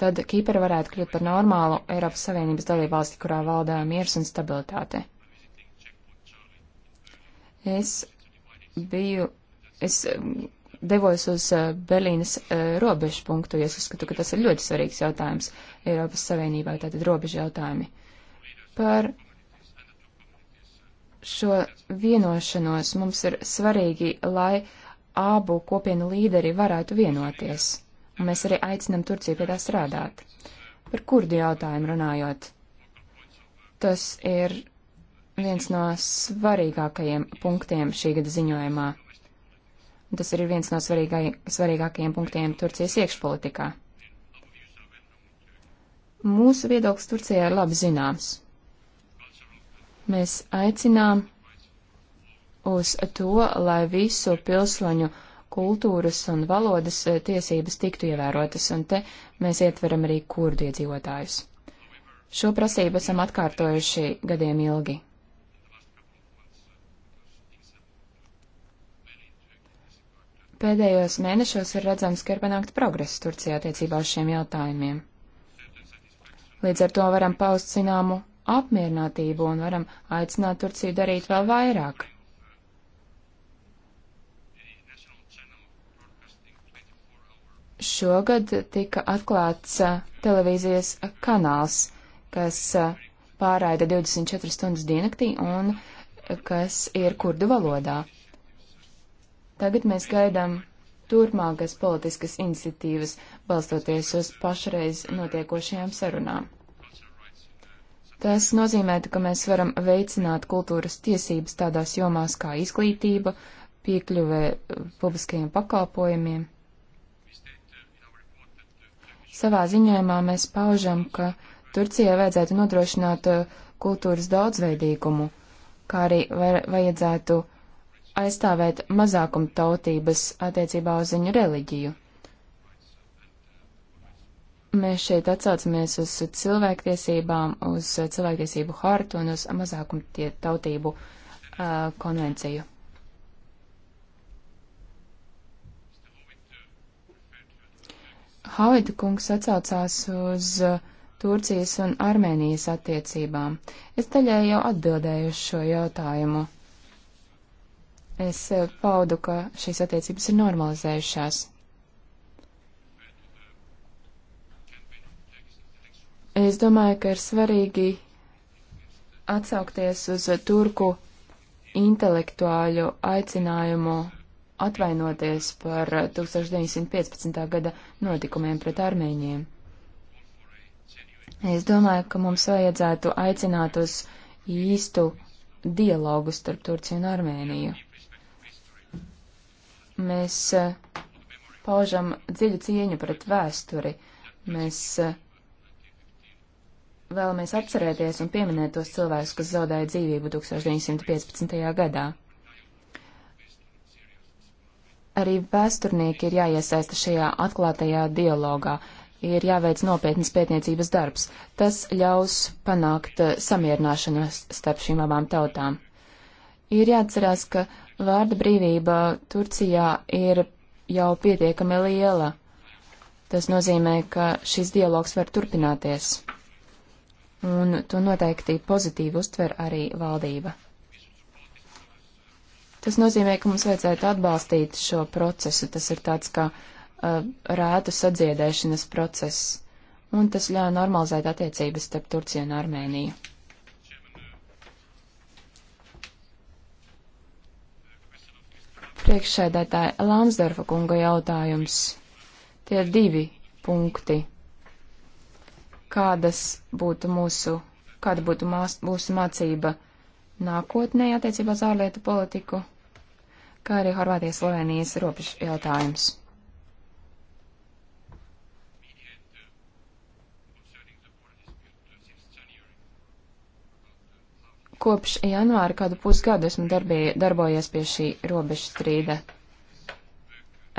Tad Kīpra varētu kļūt par normālu Eiropas Savienības dalībvalsti, kurā valdā miers un stabilitāte. Es biju, es um, devos uz uh, Berlīnas uh, robežu punktu, jo es uzskatu, ka tas ir ļoti svarīgs jautājums Eiropas Savienībai, tātad robežu jautājumi. Par šo vienošanos mums ir svarīgi, lai abu kopienu līderi varētu vienoties, un mēs arī aicinam Turciju pie tā strādāt. Par kurdu jautājumu runājot? Tas ir viens no svarīgākajiem punktiem šī gada ziņojumā. Un tas ir viens no svarīgākajiem punktiem Turcijas iekšpolitikā. Mūsu viedoklis Turcijā ir labi zināms. Mēs aicinām uz to, lai visu pilsoņu kultūras un valodas eh, tiesības tiktu ievērotas, un te mēs ietveram arī kurdu iedzīvotājus. Šo prasību esam atkārtojuši gadiem ilgi. Pēdējos mēnešos ir redzams, ka ir panākt progress Turcijā attiecībā uz šiem jautājumiem. Līdz ar to varam paust zināmu apmierinātību un varam aicināt Turciju darīt vēl vairāk. Šogad tika atklāts televīzijas kanāls, kas pārraida 24 stundas diennaktī un kas ir kurdu valodā. Tagad mēs gaidām turpmākas politiskas iniciatīvas, balstoties uz pašreiz notiekošajām sarunām. Tas nozīmētu, ka mēs varam veicināt kultūras tiesības tādās jomās kā izglītība, piekļuvē eh, publiskajiem pakalpojumiem. Savā ziņojumā mēs paužam, ka Turcijai vajadzētu nodrošināt eh, kultūras daudzveidīgumu, kā arī vajadzētu aizstāvēt mazākumu tautības attiecībā uz viņu reliģiju. Mēs šeit atsaucamies uz cilvēktiesībām, uz cilvēktiesību hartu un uz mazākumu tautību uh, konvenciju. Havita kungs atsaucās uz Turcijas un Armēnijas attiecībām. Es daļai jau atbildēju uz šo jautājumu. Es paudu, ka šīs attiecības ir normalizējušās. Es domāju, ka ir svarīgi atsaukties uz turku intelektuāļu aicinājumu atvainoties par 1915. gada notikumiem pret armēņiem. Es domāju, ka mums vajadzētu aicināt uz īstu dialogu starp Turciju un Armēniju. Mēs eh, paužam dziļu cieņu pret vēsturi, mēs uh, vēlamies atcerēties un pieminēt tos cilvēkus, kas zaudēja dzīvību 1915. gadā. Arī vēsturnieki ir jāiesaista šajā atklātajā dialogā, ir jāveic nopietnas pētniecības darbs. Tas ļaus panākt eh, samierināšanos starp šīm abām tautām. Ir jāatcerās, ka vārda brīvība Turcijā ir jau pietiekami liela. Tas nozīmē, ka šis dialogs var turpināties un to noteikti pozitīvi uztver arī valdība. Tas nozīmē, ka mums vajadzētu atbalstīt šo procesu. Tas ir tāds kā uh, rētu sadziedēšanas process, un tas ļauj normalizēt attiecības starp Turciju un Armēniju. Priekšsēdētāja Lamsdorfa kunga jautājums. Tie ir divi punkti kādas būtu mūsu, kāda būtu mās, mūsu mācība nākotnē attiecībā uz ārlietu politiku, kā arī Horvātijas Slovenijas robežu jautājums. Kopš janvāra kādu pusgadu esmu darbie, darbojies pie šī robežu strīda.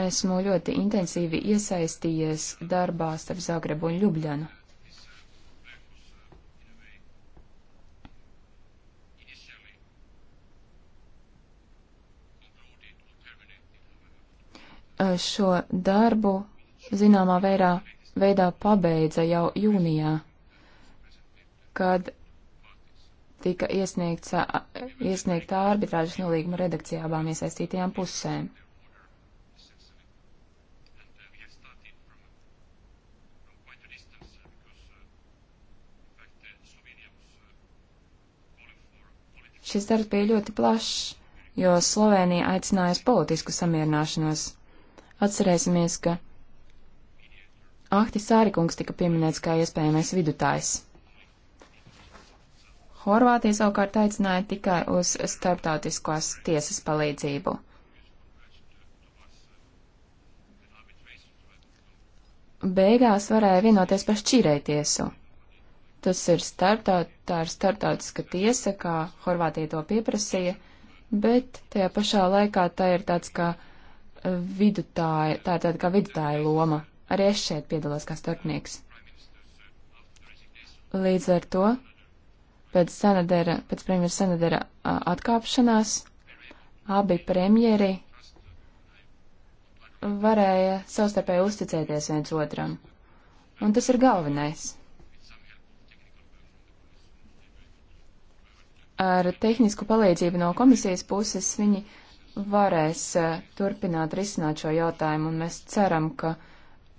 Esmu ļoti intensīvi iesaistījies darbā starp Zagrebu un Ljubļanu. šo darbu zināmā veidā, veidā pabeidza jau jūnijā, kad tika iesniegts, iesniegta arbitrāžas nolīguma redakcijā abām iesaistītajām pusēm. Šis darbs bija ļoti plašs, jo Slovenija aicinājusi politisku samierināšanos. Atcerēsimies, ka Ahti Sārikungs tika pieminēts kā iespējamais vidutājs. Horvātija savukārt aicināja tikai uz starptautiskās tiesas palīdzību. Beigās varēja vienoties par šķīrētiesu. Tas ir, starptaut, ir starptautiska tiesa, kā Horvātija to pieprasīja, bet tajā pašā laikā tā ir tāds kā ka vidutāja, tā ir tāda kā vidutāja loma. Arī es šeit piedalos kā starpnieks. Līdz ar to, pēc, Sanadera, pēc premjera Sanadera atkāpšanās, abi premjeri varēja savstarpēji uzticēties viens otram. Un tas ir galvenais. Ar tehnisku palīdzību no komisijas puses viņi varēs eh, turpināt risināt šo jautājumu, un mēs ceram, ka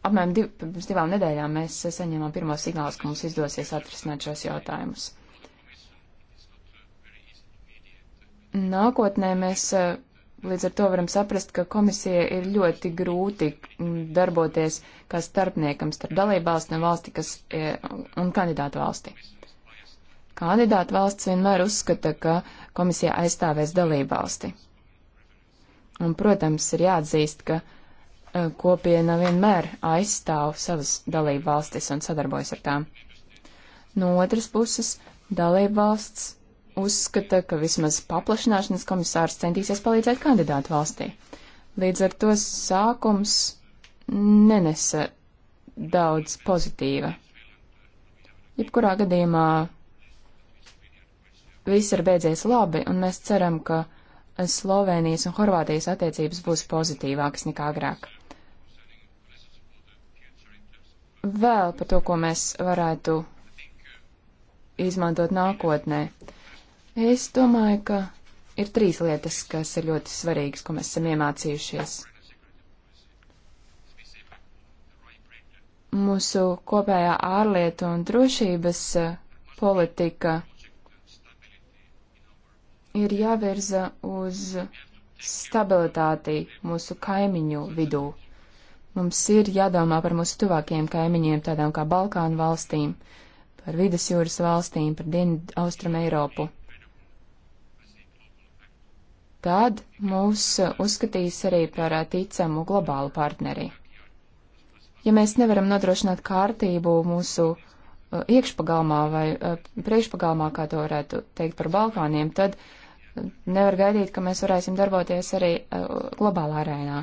apmēram div, pirms divām nedēļām mēs eh, saņēmām pirmos signālus, ka mums izdosies atrisināt šos jautājumus. Nākotnē mēs eh, līdz ar to varam saprast, ka komisija ir ļoti grūti mm, darboties kā starpniekam starp dalībvalsti un valsti, kas ir, un kandidātu valsti. Kandidātu valsts vienmēr uzskata, ka komisija aizstāvēs dalībvalsti. valsti. Un, protams, ir jāatzīst, ka e, kopiena vienmēr aizstāv savas dalību valstis un sadarbojas ar tām. No otras puses, dalību valsts uzskata, ka vismaz paplašināšanas komisārs centīsies palīdzēt kandidātu valstī. Līdz ar to sākums nenesa daudz pozitīva. Jebkurā gadījumā viss ir beidzies labi, un mēs ceram, ka Slovēnijas un Horvātijas attiecības būs pozitīvākas nekā agrāk. Vēl par to, ko mēs varētu izmantot nākotnē. Es domāju, ka ir trīs lietas, kas ir ļoti svarīgas, ko mēs esam iemācījušies. Mūsu kopējā ārlietu un drošības politika ir jāvirza uz stabilitāti mūsu kaimiņu vidū. Mums ir jādomā par mūsu tuvākajiem kaimiņiem, tādām kā Balkānu valstīm, par Vidusjūras valstīm, par Dienvidu Austrum Eiropu. Tad mūs uzskatīs arī par ticamu globālu partneri. Ja mēs nevaram nodrošināt kārtību mūsu uh, iekšpagalmā vai uh, priekšpagalmā, kā to varētu teikt par Balkāniem, tad uh, nevar gaidīt, ka mēs varēsim darboties arī uh, globālā arēnā.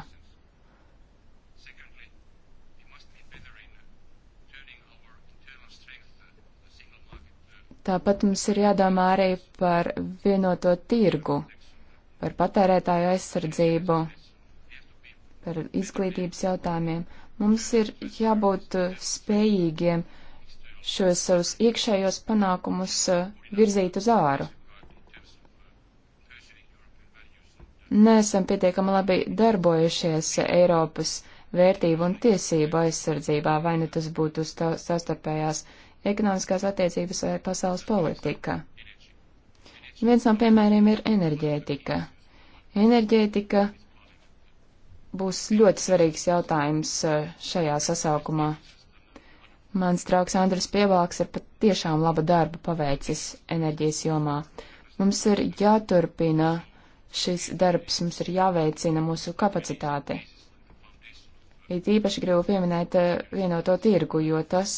Tāpat mums ir jādomā arī par vienoto tirgu, par patērētāju aizsardzību, par izglītības jautājumiem. Mums ir jābūt uh, spējīgiem šos savus iekšējos panākumus uh, virzīt uz āru. neesam pietiekami labi darbojušies Eiropas vērtību un tiesību aizsardzībā, vai nu tas būtu sastarpējās ekonomiskās attiecības vai pasaules politika. Viens no piemēriem ir enerģētika. Enerģētika būs ļoti svarīgs jautājums eh, šajā sasaukumā. Mans draugs Andris Pievalks ir pat tiešām laba darba paveicis enerģijas jomā. Mums ir jāturpina šis darbs mums ir jāveicina mūsu kapacitāte. It īpaši gribu pieminēt eh, vienoto tirgu, jo tas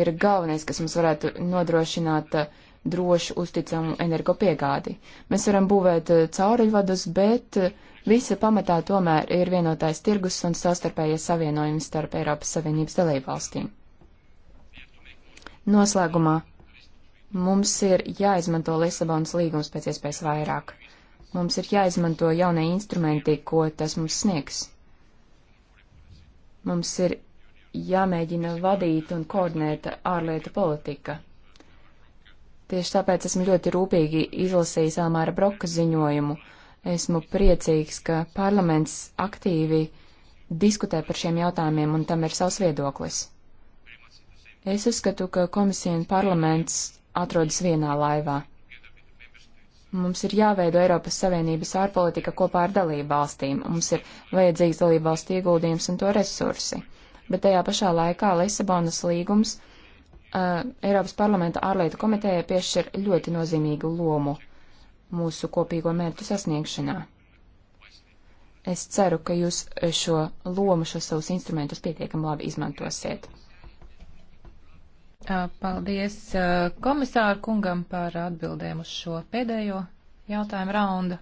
ir galvenais, kas mums varētu nodrošināt eh, drošu, uzticamu energopiegādi. Mēs varam būvēt eh, cauruļvadus, bet visa pamatā tomēr ir vienotais tirgus un savstarpējie savienojumi starp Eiropas Savienības dalībvalstīm. Noslēgumā mums ir jāizmanto Lisabonas līgums pēc iespējas vairāk. Mums ir jāizmanto jaunie instrumenti, ko tas mums sniegs. Mums ir jāmēģina vadīt un koordinēt ārlietu politika. Tieši tāpēc esmu ļoti rūpīgi izlasījis Almāra Broka ziņojumu. Esmu priecīgs, ka parlaments aktīvi diskutē par šiem jautājumiem un tam ir savs viedoklis. Es uzskatu, ka komisija un parlaments atrodas vienā laivā. Mums ir jāveido Eiropas Savienības ārpolitika kopā ar dalību valstīm. Mums ir vajadzīgs dalību valstu ieguldījums un to resursi. Bet tajā pašā laikā Lisabonas līgums uh, Eiropas parlamenta ārlietu komitejai piešķir ļoti nozīmīgu lomu mūsu kopīgo mērķu sasniegšanā. Es ceru, ka jūs šo lomu, šos savus instrumentus pietiekami labi izmantosiet. Paldies komisāru kungam par atbildēm uz šo pēdējo jautājumu raundu.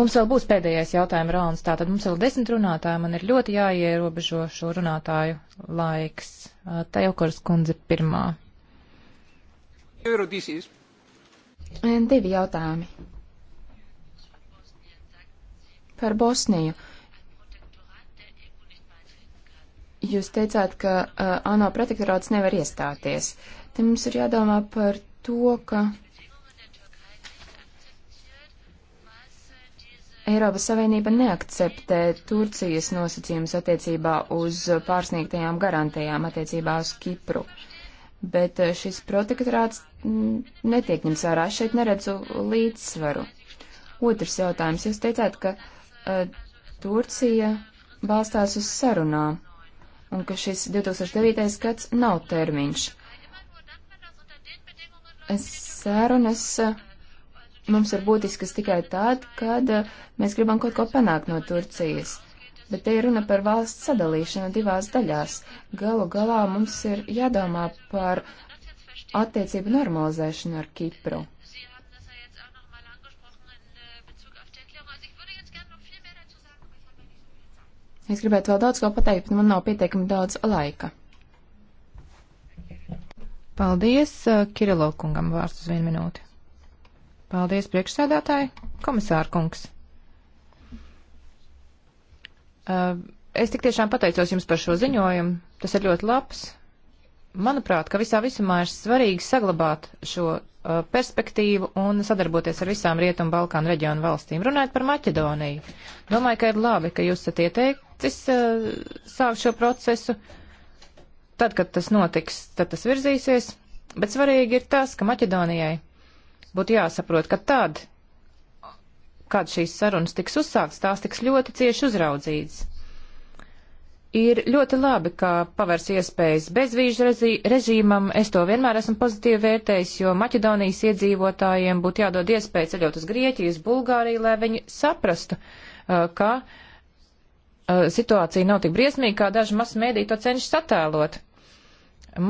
Mums vēl būs pēdējais jautājuma rauns, tātad mums vēl desmit runātāji, man ir ļoti jāierobežo šo runātāju laiks. Tajokars kundze pirmā. Eurodisijas. Divi jautājumi. Par Bosniju. Uh, Jūs teicāt, ka uh, ANO protektorāts nevar iestāties. Te mums ir jādomā par to, ka Eiropas Savienība neakceptē Turcijas nosacījumus attiecībā uz pārsniegtajām garantijām attiecībā uz Kipru. Bet uh, šis protektorāts mm, netiek ņemts vērā. Es šeit neredzu līdzsvaru. Otrs jautājums. Jūs teicāt, ka uh, Turcija balstās uz sarunām un ka šis 2009. gads nav termiņš. Sērunas eh, mums ir būtiskas tikai tad, kad eh, mēs gribam kaut ko panākt no Turcijas. Bet te ir runa par valsts sadalīšanu divās daļās. Galu galā mums ir jādomā par attiecību normalizēšanu ar Kipru. Es gribētu vēl daudz ko pateikt, bet man nav pietiekami daudz laika. Paldies, uh, Kirilo kungam vārds uz vienu minūti. Paldies, priekšsēdētāji, komisāra kungs. Uh, es tik tiešām pateicos jums par šo ziņojumu. Tas ir ļoti labs. Manuprāt, ka visā visumā ir svarīgi saglabāt šo Uh, perspektīvu un sadarboties ar visām Rietumu Balkānu reģionu valstīm. Runājot par Maķedoniju, domāju, ka ir labi, ka jūs esat ieteicis uh, sākt šo procesu. Tad, kad tas notiks, tad tas virzīsies. Bet svarīgi ir tas, ka Maķedonijai būtu jāsaprot, ka tad, kad šīs sarunas tiks uzsāktas, tās tiks ļoti cieši uzraudzītas ir ļoti labi, ka pavērs iespējas bezvīžu režīmam. Es to vienmēr esmu pozitīvi vērtējis, jo Maķedonijas iedzīvotājiem būtu jādod iespēja ceļot uz Grieķiju, uz Bulgāriju, lai viņi saprastu, uh, ka uh, situācija nav tik briesmīga, kā daži masu mēdī to cenšas attēlot.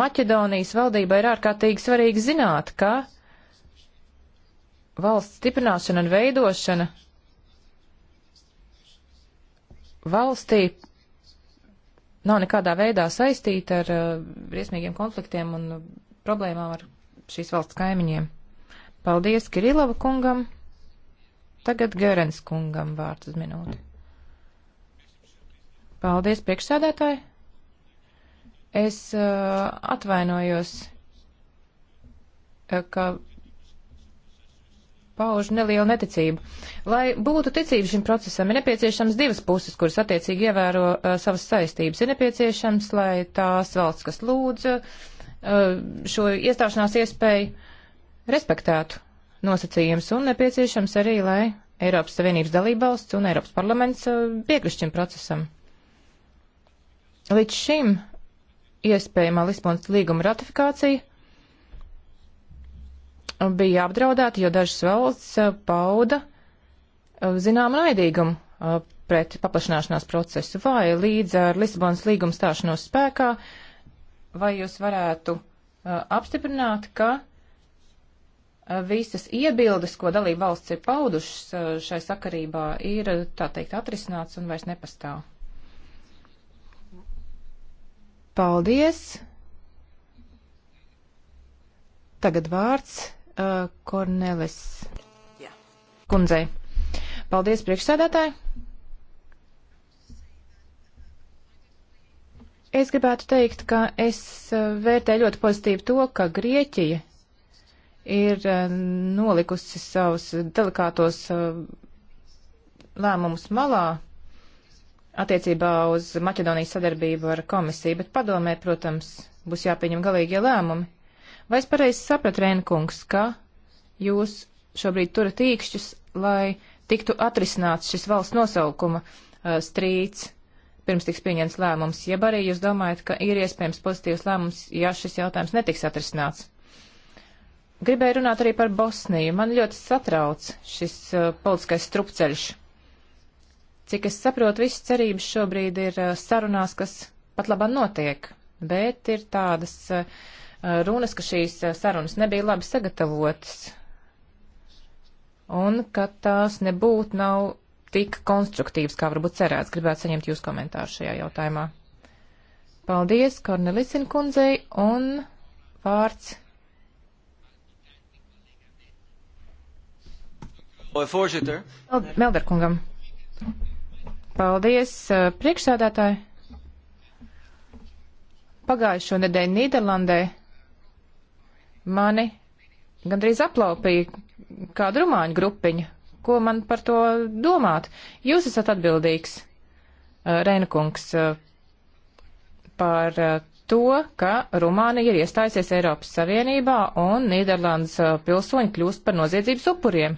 Maķedonijas valdībai ir ārkārtīgi svarīgi zināt, ka valsts stiprināšana un veidošana valstī nav nekādā veidā saistīta ar uh, briesmīgiem konfliktiem un uh, problēmām ar šīs valsts kaimiņiem. Paldies Kirilova kungam. Tagad Gerens kungam vārds uz minūti. Paldies, priekšsēdētāji. Es uh, atvainojos, uh, ka pauž nelielu neticību. Lai būtu ticība šim procesam, ir nepieciešams divas puses, kuras attiecīgi ievēro uh, savas saistības. Ir nepieciešams, lai tās valsts, kas lūdz uh, šo iestāšanās iespēju, respektētu nosacījums un nepieciešams arī, lai Eiropas Savienības dalībvalsts un Eiropas parlaments uh, piekrišķim procesam. Līdz šim iespējamā Lisbonas līguma ratifikācija bija apdraudēti, jo dažas valsts uh, pauda uh, zināmu naidīgumu uh, pret paplašināšanās procesu vai līdz ar Lisabonas līgumu stāšanos spēkā, vai jūs varētu apstiprināt, ka visas iebildes, ko dalība valsts ir paudušas šai sakarībā, ir, tā teikt, atrisināts un vairs nepastāv? Paldies! Tagad vārds uh, Kornelis yeah. kundzei. Paldies, priekšsēdētāji! Es gribētu teikt, ka es uh, vērtēju ļoti pozitīvi to, ka Grieķija ir uh, nolikusi savus delikātos uh, lēmumus malā attiecībā uz Maķedonijas sadarbību ar komisiju, bet padomē, protams, būs jāpieņem galīgie lēmumi. Vai es pareizi sapratu, Rēnkungs, ka jūs šobrīd turat īkšķus, lai tiktu atrisināts šis valsts nosaukuma uh, strīds, pirms tiks pieņemts lēmums, jeb arī jūs domājat, ka ir iespējams pozitīvs lēmums, ja šis jautājums netiks atrisināts? Gribēju runāt arī par Bosniju. Man ļoti satrauc šis uh, politiskais strupceļš. Cik es saprotu, visas cerības šobrīd ir uh, sarunās, kas pat labāk notiek, bet ir tādas uh, runas, ka šīs eh, sarunas nebija labi sagatavotas un ka tās nebūtu nav tik konstruktīvas, kā varbūt cerēts. Gribētu saņemt jūs komentāru šajā jautājumā. Paldies Kornelisina kundzei un vārds. Melderkungam. Paldies, eh, priekšsēdētāji. Pagājušo nedēļu Nīderlandē Mani gandrīz aplaupīja kāda rumāņu grupiņa. Ko man par to domāt? Jūs esat atbildīgs, eh, Reina kungs, eh, par eh, to, ka Rumānija ir iestājusies Eiropas Savienībā un Nīderlandes pilsoņi kļūst par noziedzības upuriem.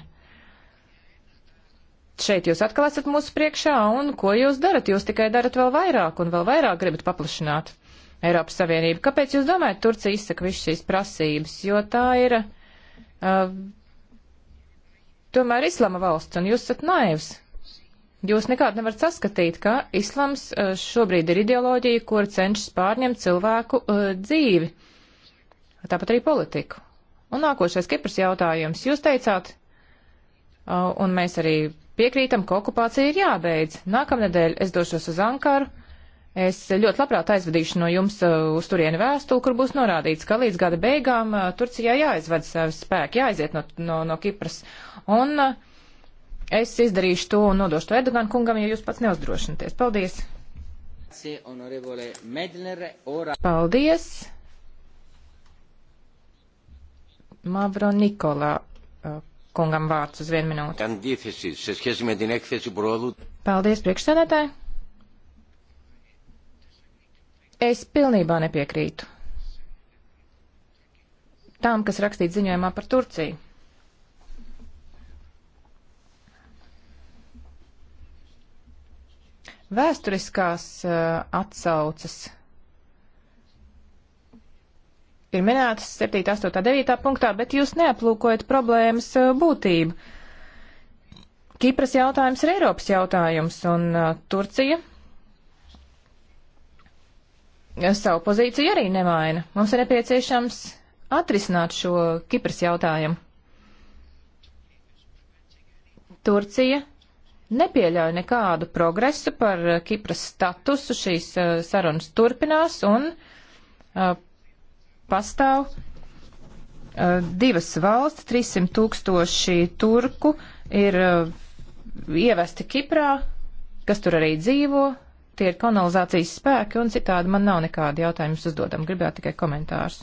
Šeit jūs atkal esat mūsu priekšā, un ko jūs darat? Jūs tikai darat vēl vairāk un vēl vairāk gribat paplašināt. Eiropas Savienību. Kāpēc jūs domājat, Turcija izsaka visu šīs prasības? Jo tā ir uh, tomēr islama valsts, un jūs esat naivs. Jūs nekādu nevarat saskatīt, ka islams uh, šobrīd ir ideoloģija, kur cenšas pārņemt cilvēku uh, dzīvi, tāpat arī politiku. Un nākošais Kipras jautājums. Jūs teicāt, uh, un mēs arī piekrītam, ka okupācija ir jābeidz. Nākamnedēļ es došos uz Ankaru Es ļoti labprāt aizvedīšu no jums uh, uz turieni vēstuli, kur būs norādīts, ka līdz gada beigām uh, Turcijā jāizved savi spēki, jāaiziet no, no, no Kipras. Un uh, es izdarīšu to un nodošu to Erdogan kungam, ja jūs pats neuzdrošināties. Paldies! Paldies! Mavro Nikolā kungam vārds uz vienu minūti. Paldies, priekšsēdētāji! Es pilnībā nepiekrītu tam, kas rakstīts ziņojumā par Turciju. Vēsturiskās uh, atsaucas ir minētas 7, 8, 9 punktā, bet jūs neaplūkojat problēmas uh, būtību. Kipras jautājums ir Eiropas jautājums, un uh, Turcija savu pozīciju arī nemaina. Mums ir nepieciešams atrisināt šo Kipras jautājumu. Turcija nepieļauj nekādu progresu par eh, Kipras statusu, šīs uh, sarunas turpinās un uh, pastāv uh, divas valsts, 300 tūkstoši turku ir ievesti Kiprā, kas tur arī dzīvo, tie ir kanalizācijas spēki, un citādi man nav nekādi jautājumi uzdodam. Gribētu tikai komentārus.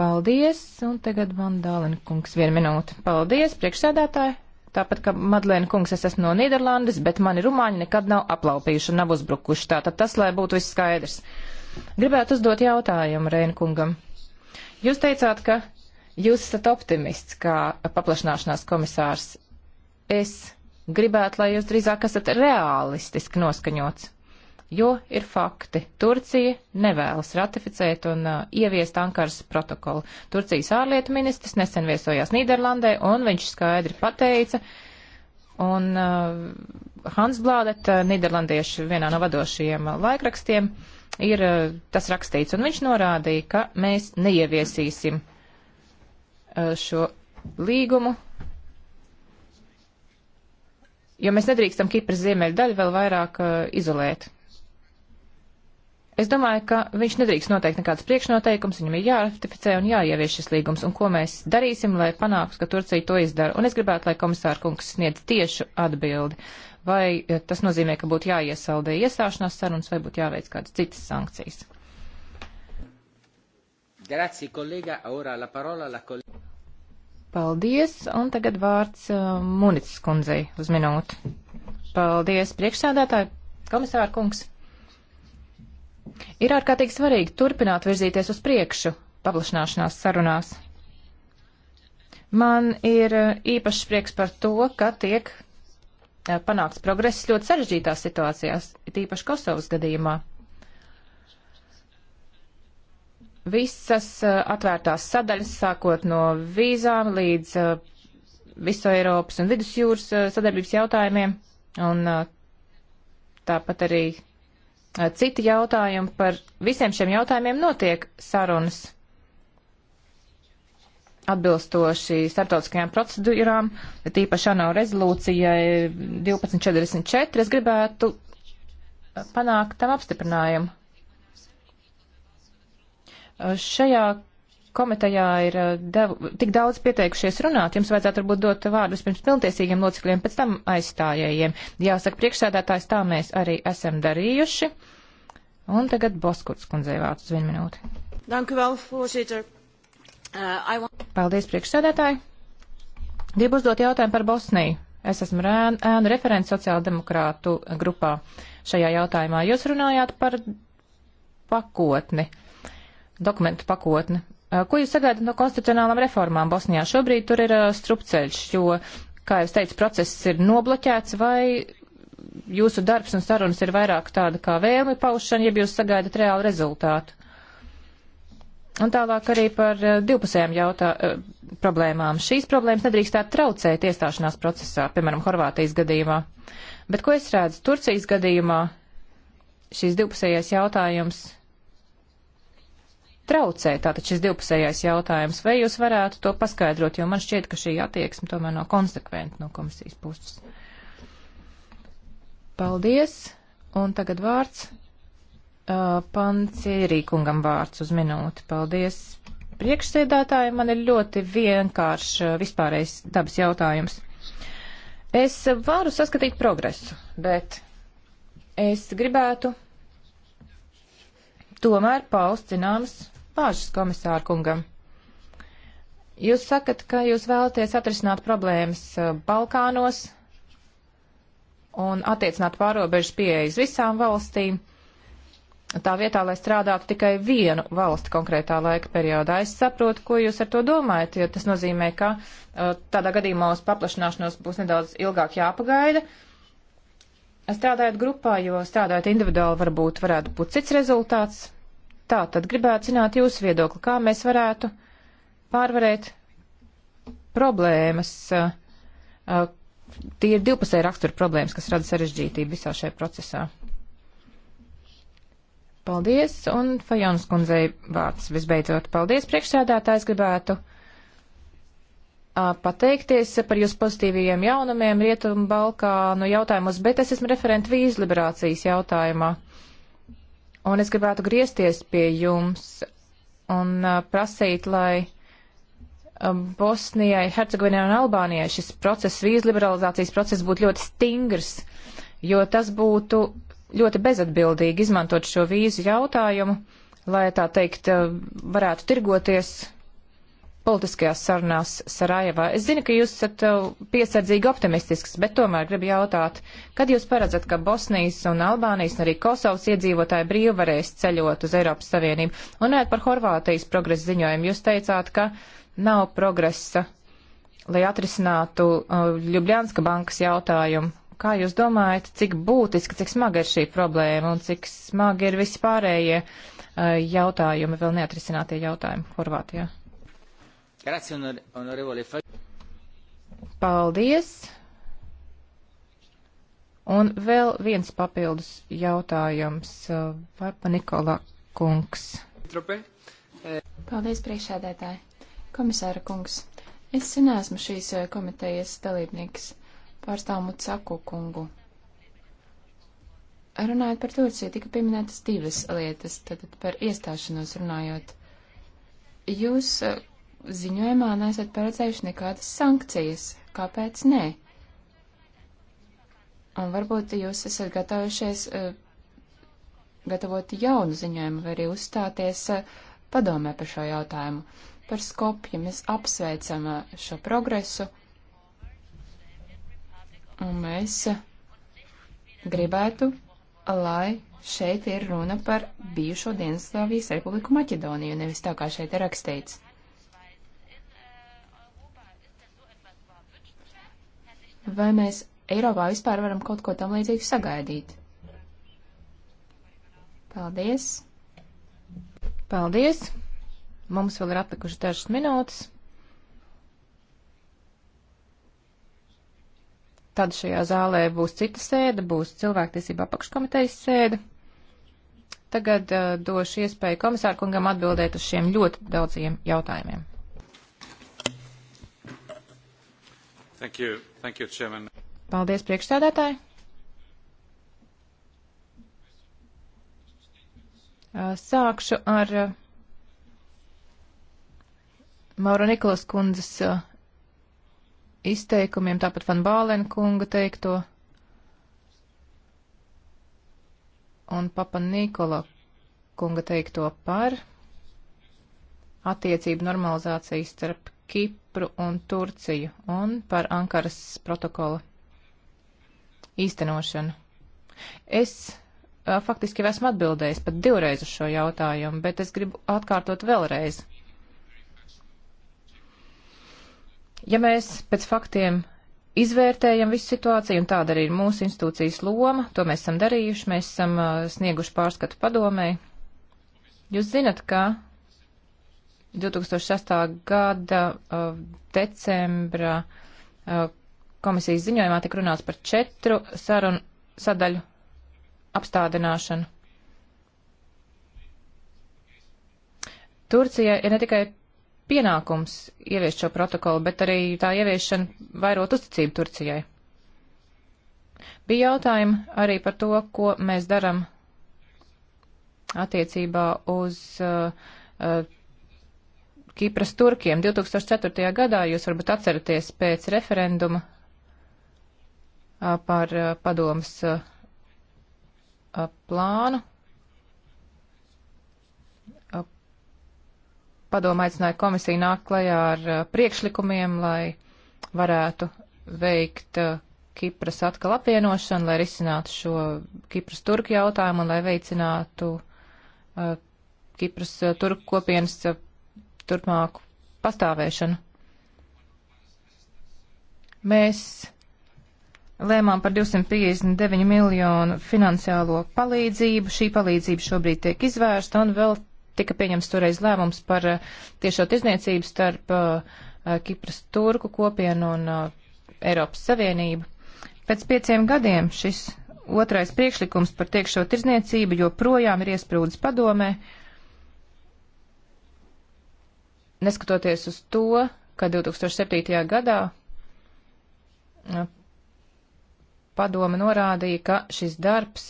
Paldies, un tagad man dālina kungs vienu minūti. Paldies, priekšsēdētāji. Tāpat kā Madlēna kungs, es esmu no Nīderlandes, bet mani rumāņi nekad nav aplaupījuši un nav uzbrukuši. Tātad tas, lai būtu viss skaidrs. Gribētu uzdot jautājumu Rēna kungam. Jūs teicāt, ka jūs esat optimists kā paplašināšanās komisārs. Es gribētu, lai jūs drīzāk esat realistiski noskaņots. Jo ir fakti. Turcija nevēlas ratificēt un uh, ieviest Ankaras protokolu. Turcijas ārlietu ministrs nesen viesojās Nīderlandē un viņš skaidri pateica, un uh, Hans Blādet, uh, Nīderlandiešu vienā no vadošajiem uh, laikrakstiem, ir uh, tas rakstīts, un viņš norādīja, ka mēs neieviesīsim uh, šo līgumu jo mēs nedrīkstam Kipras ziemeļu daļu vēl vairāk uh, izolēt. Es domāju, ka viņš nedrīkst noteikt nekādas priekšnoteikums, viņam ir jāratificē un jāievieš šis līgums, un ko mēs darīsim, lai panāks, ka Turcija to izdara. Un es gribētu, lai komisāra kungs sniedz tiešu atbildi, vai uh, tas nozīmē, ka būtu jāiesaldē iestāšanās sarunas, vai būtu jāveic kādas citas sankcijas. Grazie, kolēga. Ora la parola la kolēga. Paldies, un tagad vārds uh, Municis kundzei uz minūti. Paldies, priekšsēdētāji, komisāra kungs. Ir ārkārtīgi svarīgi turpināt virzīties uz priekšu paplašināšanās sarunās. Man ir uh, īpašs prieks par to, ka tiek uh, panāks progress ļoti sarežģītās situācijās, it īpaši Kosovas gadījumā. visas eh, atvērtās sadaļas, sākot no vīzām līdz eh, visu Eiropas un vidusjūras eh, sadarbības jautājumiem, un tāpat arī citi jautājumi par visiem šiem jautājumiem notiek sarunas atbilstoši starptautiskajām procedūrām, tīpaši ANO rezolūcijai 1244, es gribētu panākt tam apstiprinājumu. Šajā komitejā ir eh, devu, tik daudz pieteikušies runāt, jums vajadzētu varbūt dot vārdus pirms pilntiesīgiem locekļiem, pēc tam aizstājējiem. Jāsaka, priekšsēdētājs tā mēs arī esam darījuši. Un tagad Boskurts kundzei vārds uz vienu minūti. Well, uh, eh, want... Paldies, priekšsēdētāji. Gribu uzdot jautājumu par Bosniju. Es esmu ēnu, ēnu referents sociāldemokrātu grupā šajā jautājumā. Jūs runājāt par pakotni. Uh, dokumentu pakotne. Eh, ko jūs sagaidat no konstitucionālām reformām Bosnijā? Šobrīd tur ir eh, strupceļš, jo, kā jūs teicat, process ir nobloķēts vai jūsu darbs un sarunas ir vairāk tāda kā vēlmi paušana, ja jūs sagaidat reālu rezultātu? Un tālāk arī par eh, divpusējām jautā, problēmām. Šīs problēmas nedrīkstētu traucēt iestāšanās procesā, piemēram, Horvātijas gadījumā. Bet ko es redzu? Turcijas gadījumā šīs divpusējais jautājums traucē, tātad šis divpusējais jautājums, vai jūs varētu to paskaidrot, jo man šķiet, ka šī attieksme tomēr nav no konsekventa no komisijas puses. Paldies, un tagad vārds uh, pancierīkungam vārds uz minūti. Paldies priekšsēdētāji, man ir ļoti vienkāršs uh, vispārējais dabas jautājums. Es varu saskatīt progresu, bet es gribētu tomēr paust zināmas bažas komisāru kungam. Jūs sakat, ka jūs vēlaties atrisināt problēmas uh, Balkānos un attiecināt pārobežu pieejas visām valstīm, tā vietā, lai strādātu tikai vienu valsti konkrētā laika periodā. Es saprotu, ko jūs ar to domājat, jo tas nozīmē, ka uh, tādā gadījumā uz paplašanāšanos būs nedaudz ilgāk jāpagaida. Strādājot grupā, jo strādājot individuāli varbūt varētu būt cits rezultāts, Tā tad gribētu zināt jūsu viedokli, kā mēs varētu pārvarēt problēmas, uh, uh, tie ir divpusēji rakstura problēmas, kas rada sarežģītību visā šajā procesā. Paldies, un Fajonas kundzei vārds visbeidzot. Paldies, priekšsēdētājs, gribētu uh, pateikties par jūsu pozitīvajiem jaunumiem Rietumu Balkānu jautājumos, bet es esmu referenta vīzliberācijas jautājumā. Un es gribētu griezties pie jums un uh, prasīt, lai uh, Bosnijai, Hercegovinai un Albānijai šis process, vīzu liberalizācijas process būtu ļoti stingrs, jo tas būtu ļoti bezatbildīgi izmantot šo vīzu jautājumu, lai tā teikt uh, varētu tirgoties politiskajās sarunās Sarajevā. Es zinu, ka jūs esat uh, piesardzīgi optimistisks, bet tomēr gribu jautāt, kad jūs paredzat, ka Bosnijas un Albānijas un arī Kosovas iedzīvotāji brīvi varēs ceļot uz Eiropas Savienību? Un nē, par Horvātijas progresu ziņojumu jūs teicāt, ka nav progresa, lai atrisinātu uh, Ljubljanska bankas jautājumu. Kā jūs domājat, cik būtiski, cik smaga ir šī problēma un cik smagi ir vispārējie uh, jautājumi, vēl neatrisinātie jautājumi Horvātijā? Grazie, onorevole Paldies! Un vēl viens papildus jautājums. Uh, Varpa Nikola kungs. Eh. Paldies, priekšādētāji. Komisāra kungs, es neesmu šīs eh, komitejas dalībnieks. Pārstāvu Caku kungu. Runājot par Turciju, tika pieminētas divas lietas, tad par iestāšanos runājot. Jūs eh, ziņojumā nesat paredzējuši nekādas sankcijas. Kāpēc nē? Un varbūt jūs esat gatavojušies uh, gatavot jaunu ziņojumu vai arī uzstāties uh, padomē par šo jautājumu. Par Skopju mēs apsveicam uh, šo progresu un mēs gribētu, lai šeit ir runa par bijušo Dienaslavijas Republiku Maķedoniju, nevis tā kā šeit ir rakstīts. vai mēs Eiropā vispār varam kaut ko tam līdzīgu sagaidīt. Paldies! Paldies! Mums vēl ir atlikuši dažas minūtes. Tad šajā zālē būs cita sēde, būs cilvēktiesība apakškomitejas sēde. Tagad uh, došu iespēju komisāru kungam atbildēt uz šiem ļoti daudziem jautājumiem. Thank you. Thank you, Chairman. Paldies, priekšstādātāji. Sākšu ar Mauro Nikolas kundzes izteikumiem, tāpat Van Bālena kunga teikto un Papa Nikola kunga teikto par attiecību normalizāciju starp Kipru un Turciju un par Ankaras protokola īstenošanu. Es a, faktiski jau esmu atbildējis pat divreiz uz šo jautājumu, bet es gribu atkārtot vēlreiz. Ja mēs pēc faktiem izvērtējam visu situāciju, un tāda arī ir mūsu institūcijas loma. To mēs esam darījuši, mēs esam snieguši pārskatu padomē. Jūs zinat, ka 2006. gada uh, decembra uh, komisijas ziņojumā tika runāts par četru sarunu sadaļu apstādināšanu. Turcija ir ne tikai pienākums ieviest šo protokolu, bet arī tā ieviešana vairot uzticību Turcijai. Bija jautājumi arī par to, ko mēs daram attiecībā uz uh, uh, Kipras turkiem 2004. gadā, jūs varbūt atceraties pēc referenduma par padomas plānu. Padoma aicināja komisiju nākt klajā ar priekšlikumiem, lai varētu veikt Kipras atkal apvienošanu, lai risinātu šo Kipras turku jautājumu un lai veicinātu uh, Kipras uh, turku kopienas uh, turpmāku pastāvēšanu. Mēs lēmām par 259 miljonu finansiālo palīdzību. Šī palīdzība šobrīd tiek izvērsta un vēl tika pieņems toreiz lēmums par eh, tiešo tirzniecību starp uh, Kipras turku kopienu un uh, Eiropas Savienību. Pēc pieciem gadiem šis otrais priekšlikums par tiekšo tirzniecību joprojām ir iesprūdis padomē. Uh, neskatoties uz to, ka 2007. gadā padome norādīja, ka šis darbs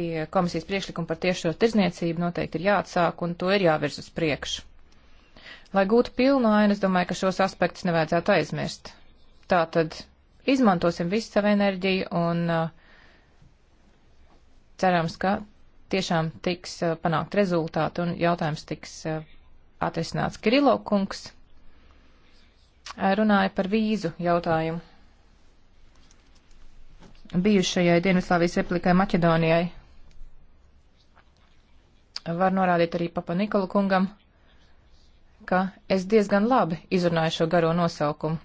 pie komisijas priekšlikuma par tiešo tirzniecību noteikti ir jāatsāk un to ir jāvirz uz priekšu. Lai gūtu pilnu ainu, es domāju, ka šos aspektus nevajadzētu aizmirst. Tātad izmantosim visu savu enerģiju un cerams, ka tiešām tiks panākt rezultāti un jautājums tiks atrisināts. Kirilo kungs runāja par vīzu jautājumu bijušajai Dienvidslāvijas republikai Maķedonijai. Var norādīt arī Papa Nikola kungam, ka es diezgan labi izrunāju šo garo nosaukumu.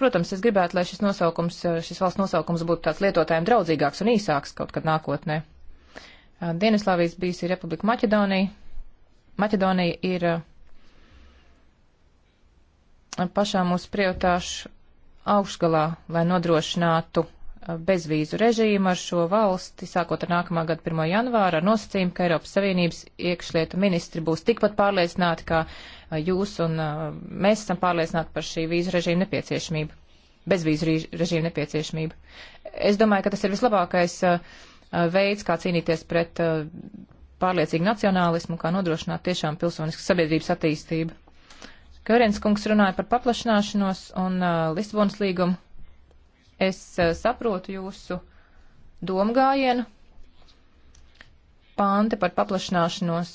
Protams, es gribētu, lai šis nosaukums, šis valsts nosaukums būtu tāds lietotājiem draudzīgāks un īsāks kaut kad nākotnē. Uh, Dienaslāvijas bijusi Republika Maķedonija. Maķedonija ir uh, pašā mūsu prioritāšu augšgalā, lai nodrošinātu uh, bezvīzu režīmu ar šo valsti, sākot ar nākamā gada 1. janvāra, ar nosacījumu, ka Eiropas Savienības iekšlietu ministri būs tikpat pārliecināti, kā jūs un mēs esam pārliecināti par šī vīzu režīmu nepieciešamību, bezvīzu režīmu nepieciešamību. Es domāju, ka tas ir vislabākais uh, Uh, veids, kā cīnīties pret uh, pārliecīgu nacionālismu, kā nodrošināt tiešām pilsoniskas sabiedrības attīstību. Kērens kungs runāja par paplašināšanos un uh, Lisbonas līgumu. Es uh, saprotu jūsu domgājienu. Pānti par paplašināšanos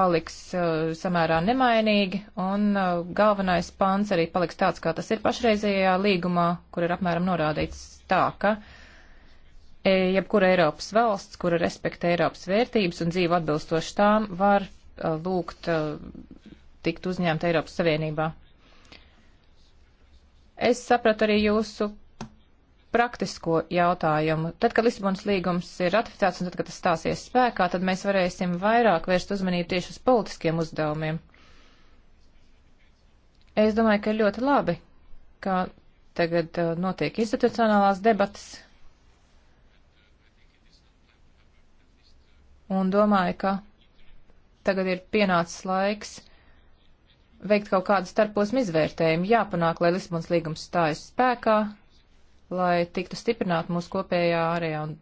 paliks uh, samērā nemainīgi, un uh, galvenais pāns arī paliks tāds, kā tas ir pašreizējā līgumā, kur ir apmēram norādīts tā, ka uh, E, jebkura Eiropas valsts, kura respektē Eiropas vērtības un dzīvo atbilstoši tām, var e, lūgt e, tikt uzņemta Eiropas Savienībā. Es sapratu arī jūsu praktisko jautājumu. Tad, kad Lisabonas līgums ir ratificēts un tad, kad tas stāsies spēkā, tad mēs varēsim vairāk vērst uzmanību tieši uz politiskiem uzdevumiem. Es domāju, ka ļoti labi, ka tagad notiek institucionālās debatas un domāju, ka tagad ir pienācis laiks veikt kaut kādu starposmu izvērtējumu, jāpanāk, lai Lisbonas līgums stājas spēkā, lai tiktu stiprināta mūsu kopējā ārējā un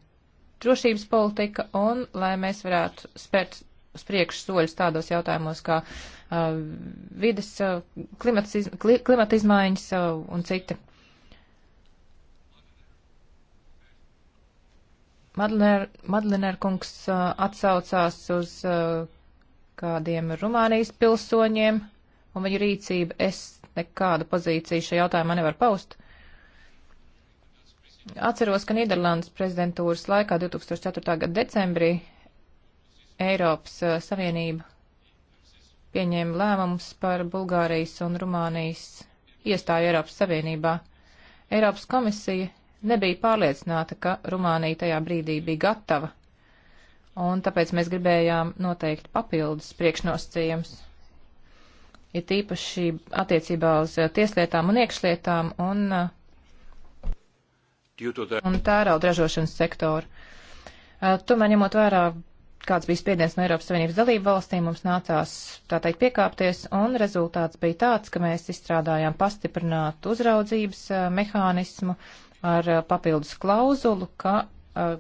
drošības politika un lai mēs varētu spērt uz priekšu soļus tādos jautājumos kā uh, vides, uh, klimata izmaiņas uh, un citi. Madliner kungs uh, atsaucās uz uh, kādiem Rumānijas pilsoņiem un viņu rīcību. Es nekādu pozīciju šajā jautājumā nevaru paust. Atceros, ka Nīderlandes prezidentūras laikā 2004. gada decembrī Eiropas uh, Savienība pieņēma lēmumus par Bulgārijas un Rumānijas iestāju Eiropas Savienībā. Eiropas komisija nebija pārliecināta, ka Rumānija tajā brīdī bija gatava, un tāpēc mēs gribējām noteikt papildus priekšnosacījums. Ir tīpaši attiecībā uz eh, tieslietām un iekšlietām un, eh, un tērauda ražošanas sektoru. Eh, tomēr ņemot vērā kāds bija spiediens no Eiropas Savienības dalību valstīm, mums nācās tā teikt piekāpties, un rezultāts bija tāds, ka mēs izstrādājām pastiprinātu uzraudzības uh, mehānismu ar uh, papildus klauzulu, ka uh,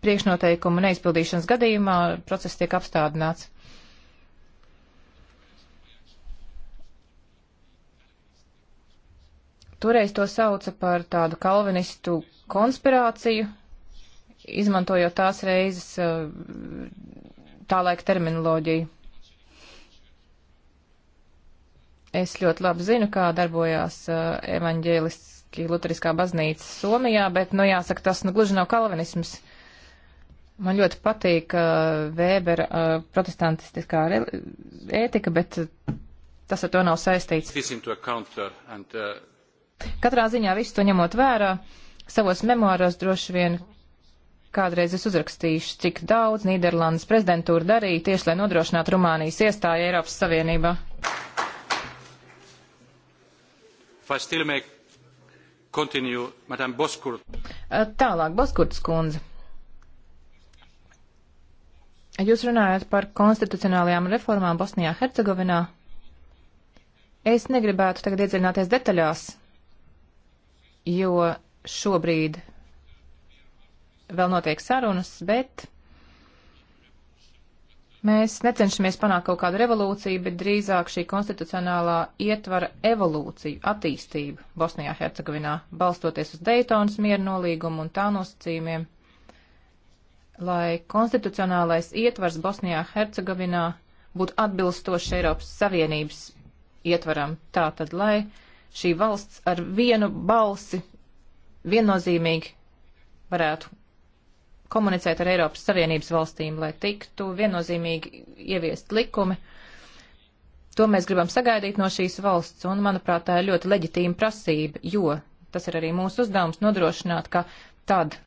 priekšnoteikumu neizpildīšanas gadījumā process tiek apstādināts. Toreiz to sauca par tādu kalvinistu konspirāciju, izmantojot tās reizes uh, tā laika terminoloģiju. Es ļoti labi zinu, kā darbojās evaņģēlists Luteriskā baznīca Somijā, bet, nu, jāsaka, tas nu gluži nav kalvinisms. Man ļoti patīk uh, Vēbera uh, protestantiskā ētika, bet uh, tas ar to nav saistīts. Uh, and, uh... Katrā ziņā visu to ņemot vērā, savos memoāros droši vien kādreiz es uzrakstīšu, cik daudz Nīderlandes prezidentūra darīja tieši, lai nodrošinātu Rumānijas iestāju Eiropas Savienībā. If I still make Continue, Madam Boskurt. Tālāk, Boskurts kundze. Jūs runājat par konstitucionālajām reformām Bosnijā Hercegovinā. Es negribētu tagad iedziļināties detaļās, jo šobrīd vēl notiek sarunas, bet Mēs necenšamies panākt kaut kādu revolūciju, bet drīzāk šī konstitucionālā ietvara evolūciju, attīstību Bosnijā, Hercegovinā, balstoties uz Daytonas mieru nolīgumu un tā nosacījumiem, lai konstitucionālais ietvars Bosnijā, Hercegovinā būtu atbilstošs Eiropas Savienības ietvaram. Tātad, lai šī valsts ar vienu balsi viennozīmīgi varētu komunicēt ar Eiropas Savienības valstīm, lai tiktu viennozīmīgi ieviest likumi. To mēs gribam sagaidīt no šīs valsts, un, manuprāt, tā ir ļoti leģitīma prasība, jo tas ir arī mūsu uzdevums nodrošināt, ka tad,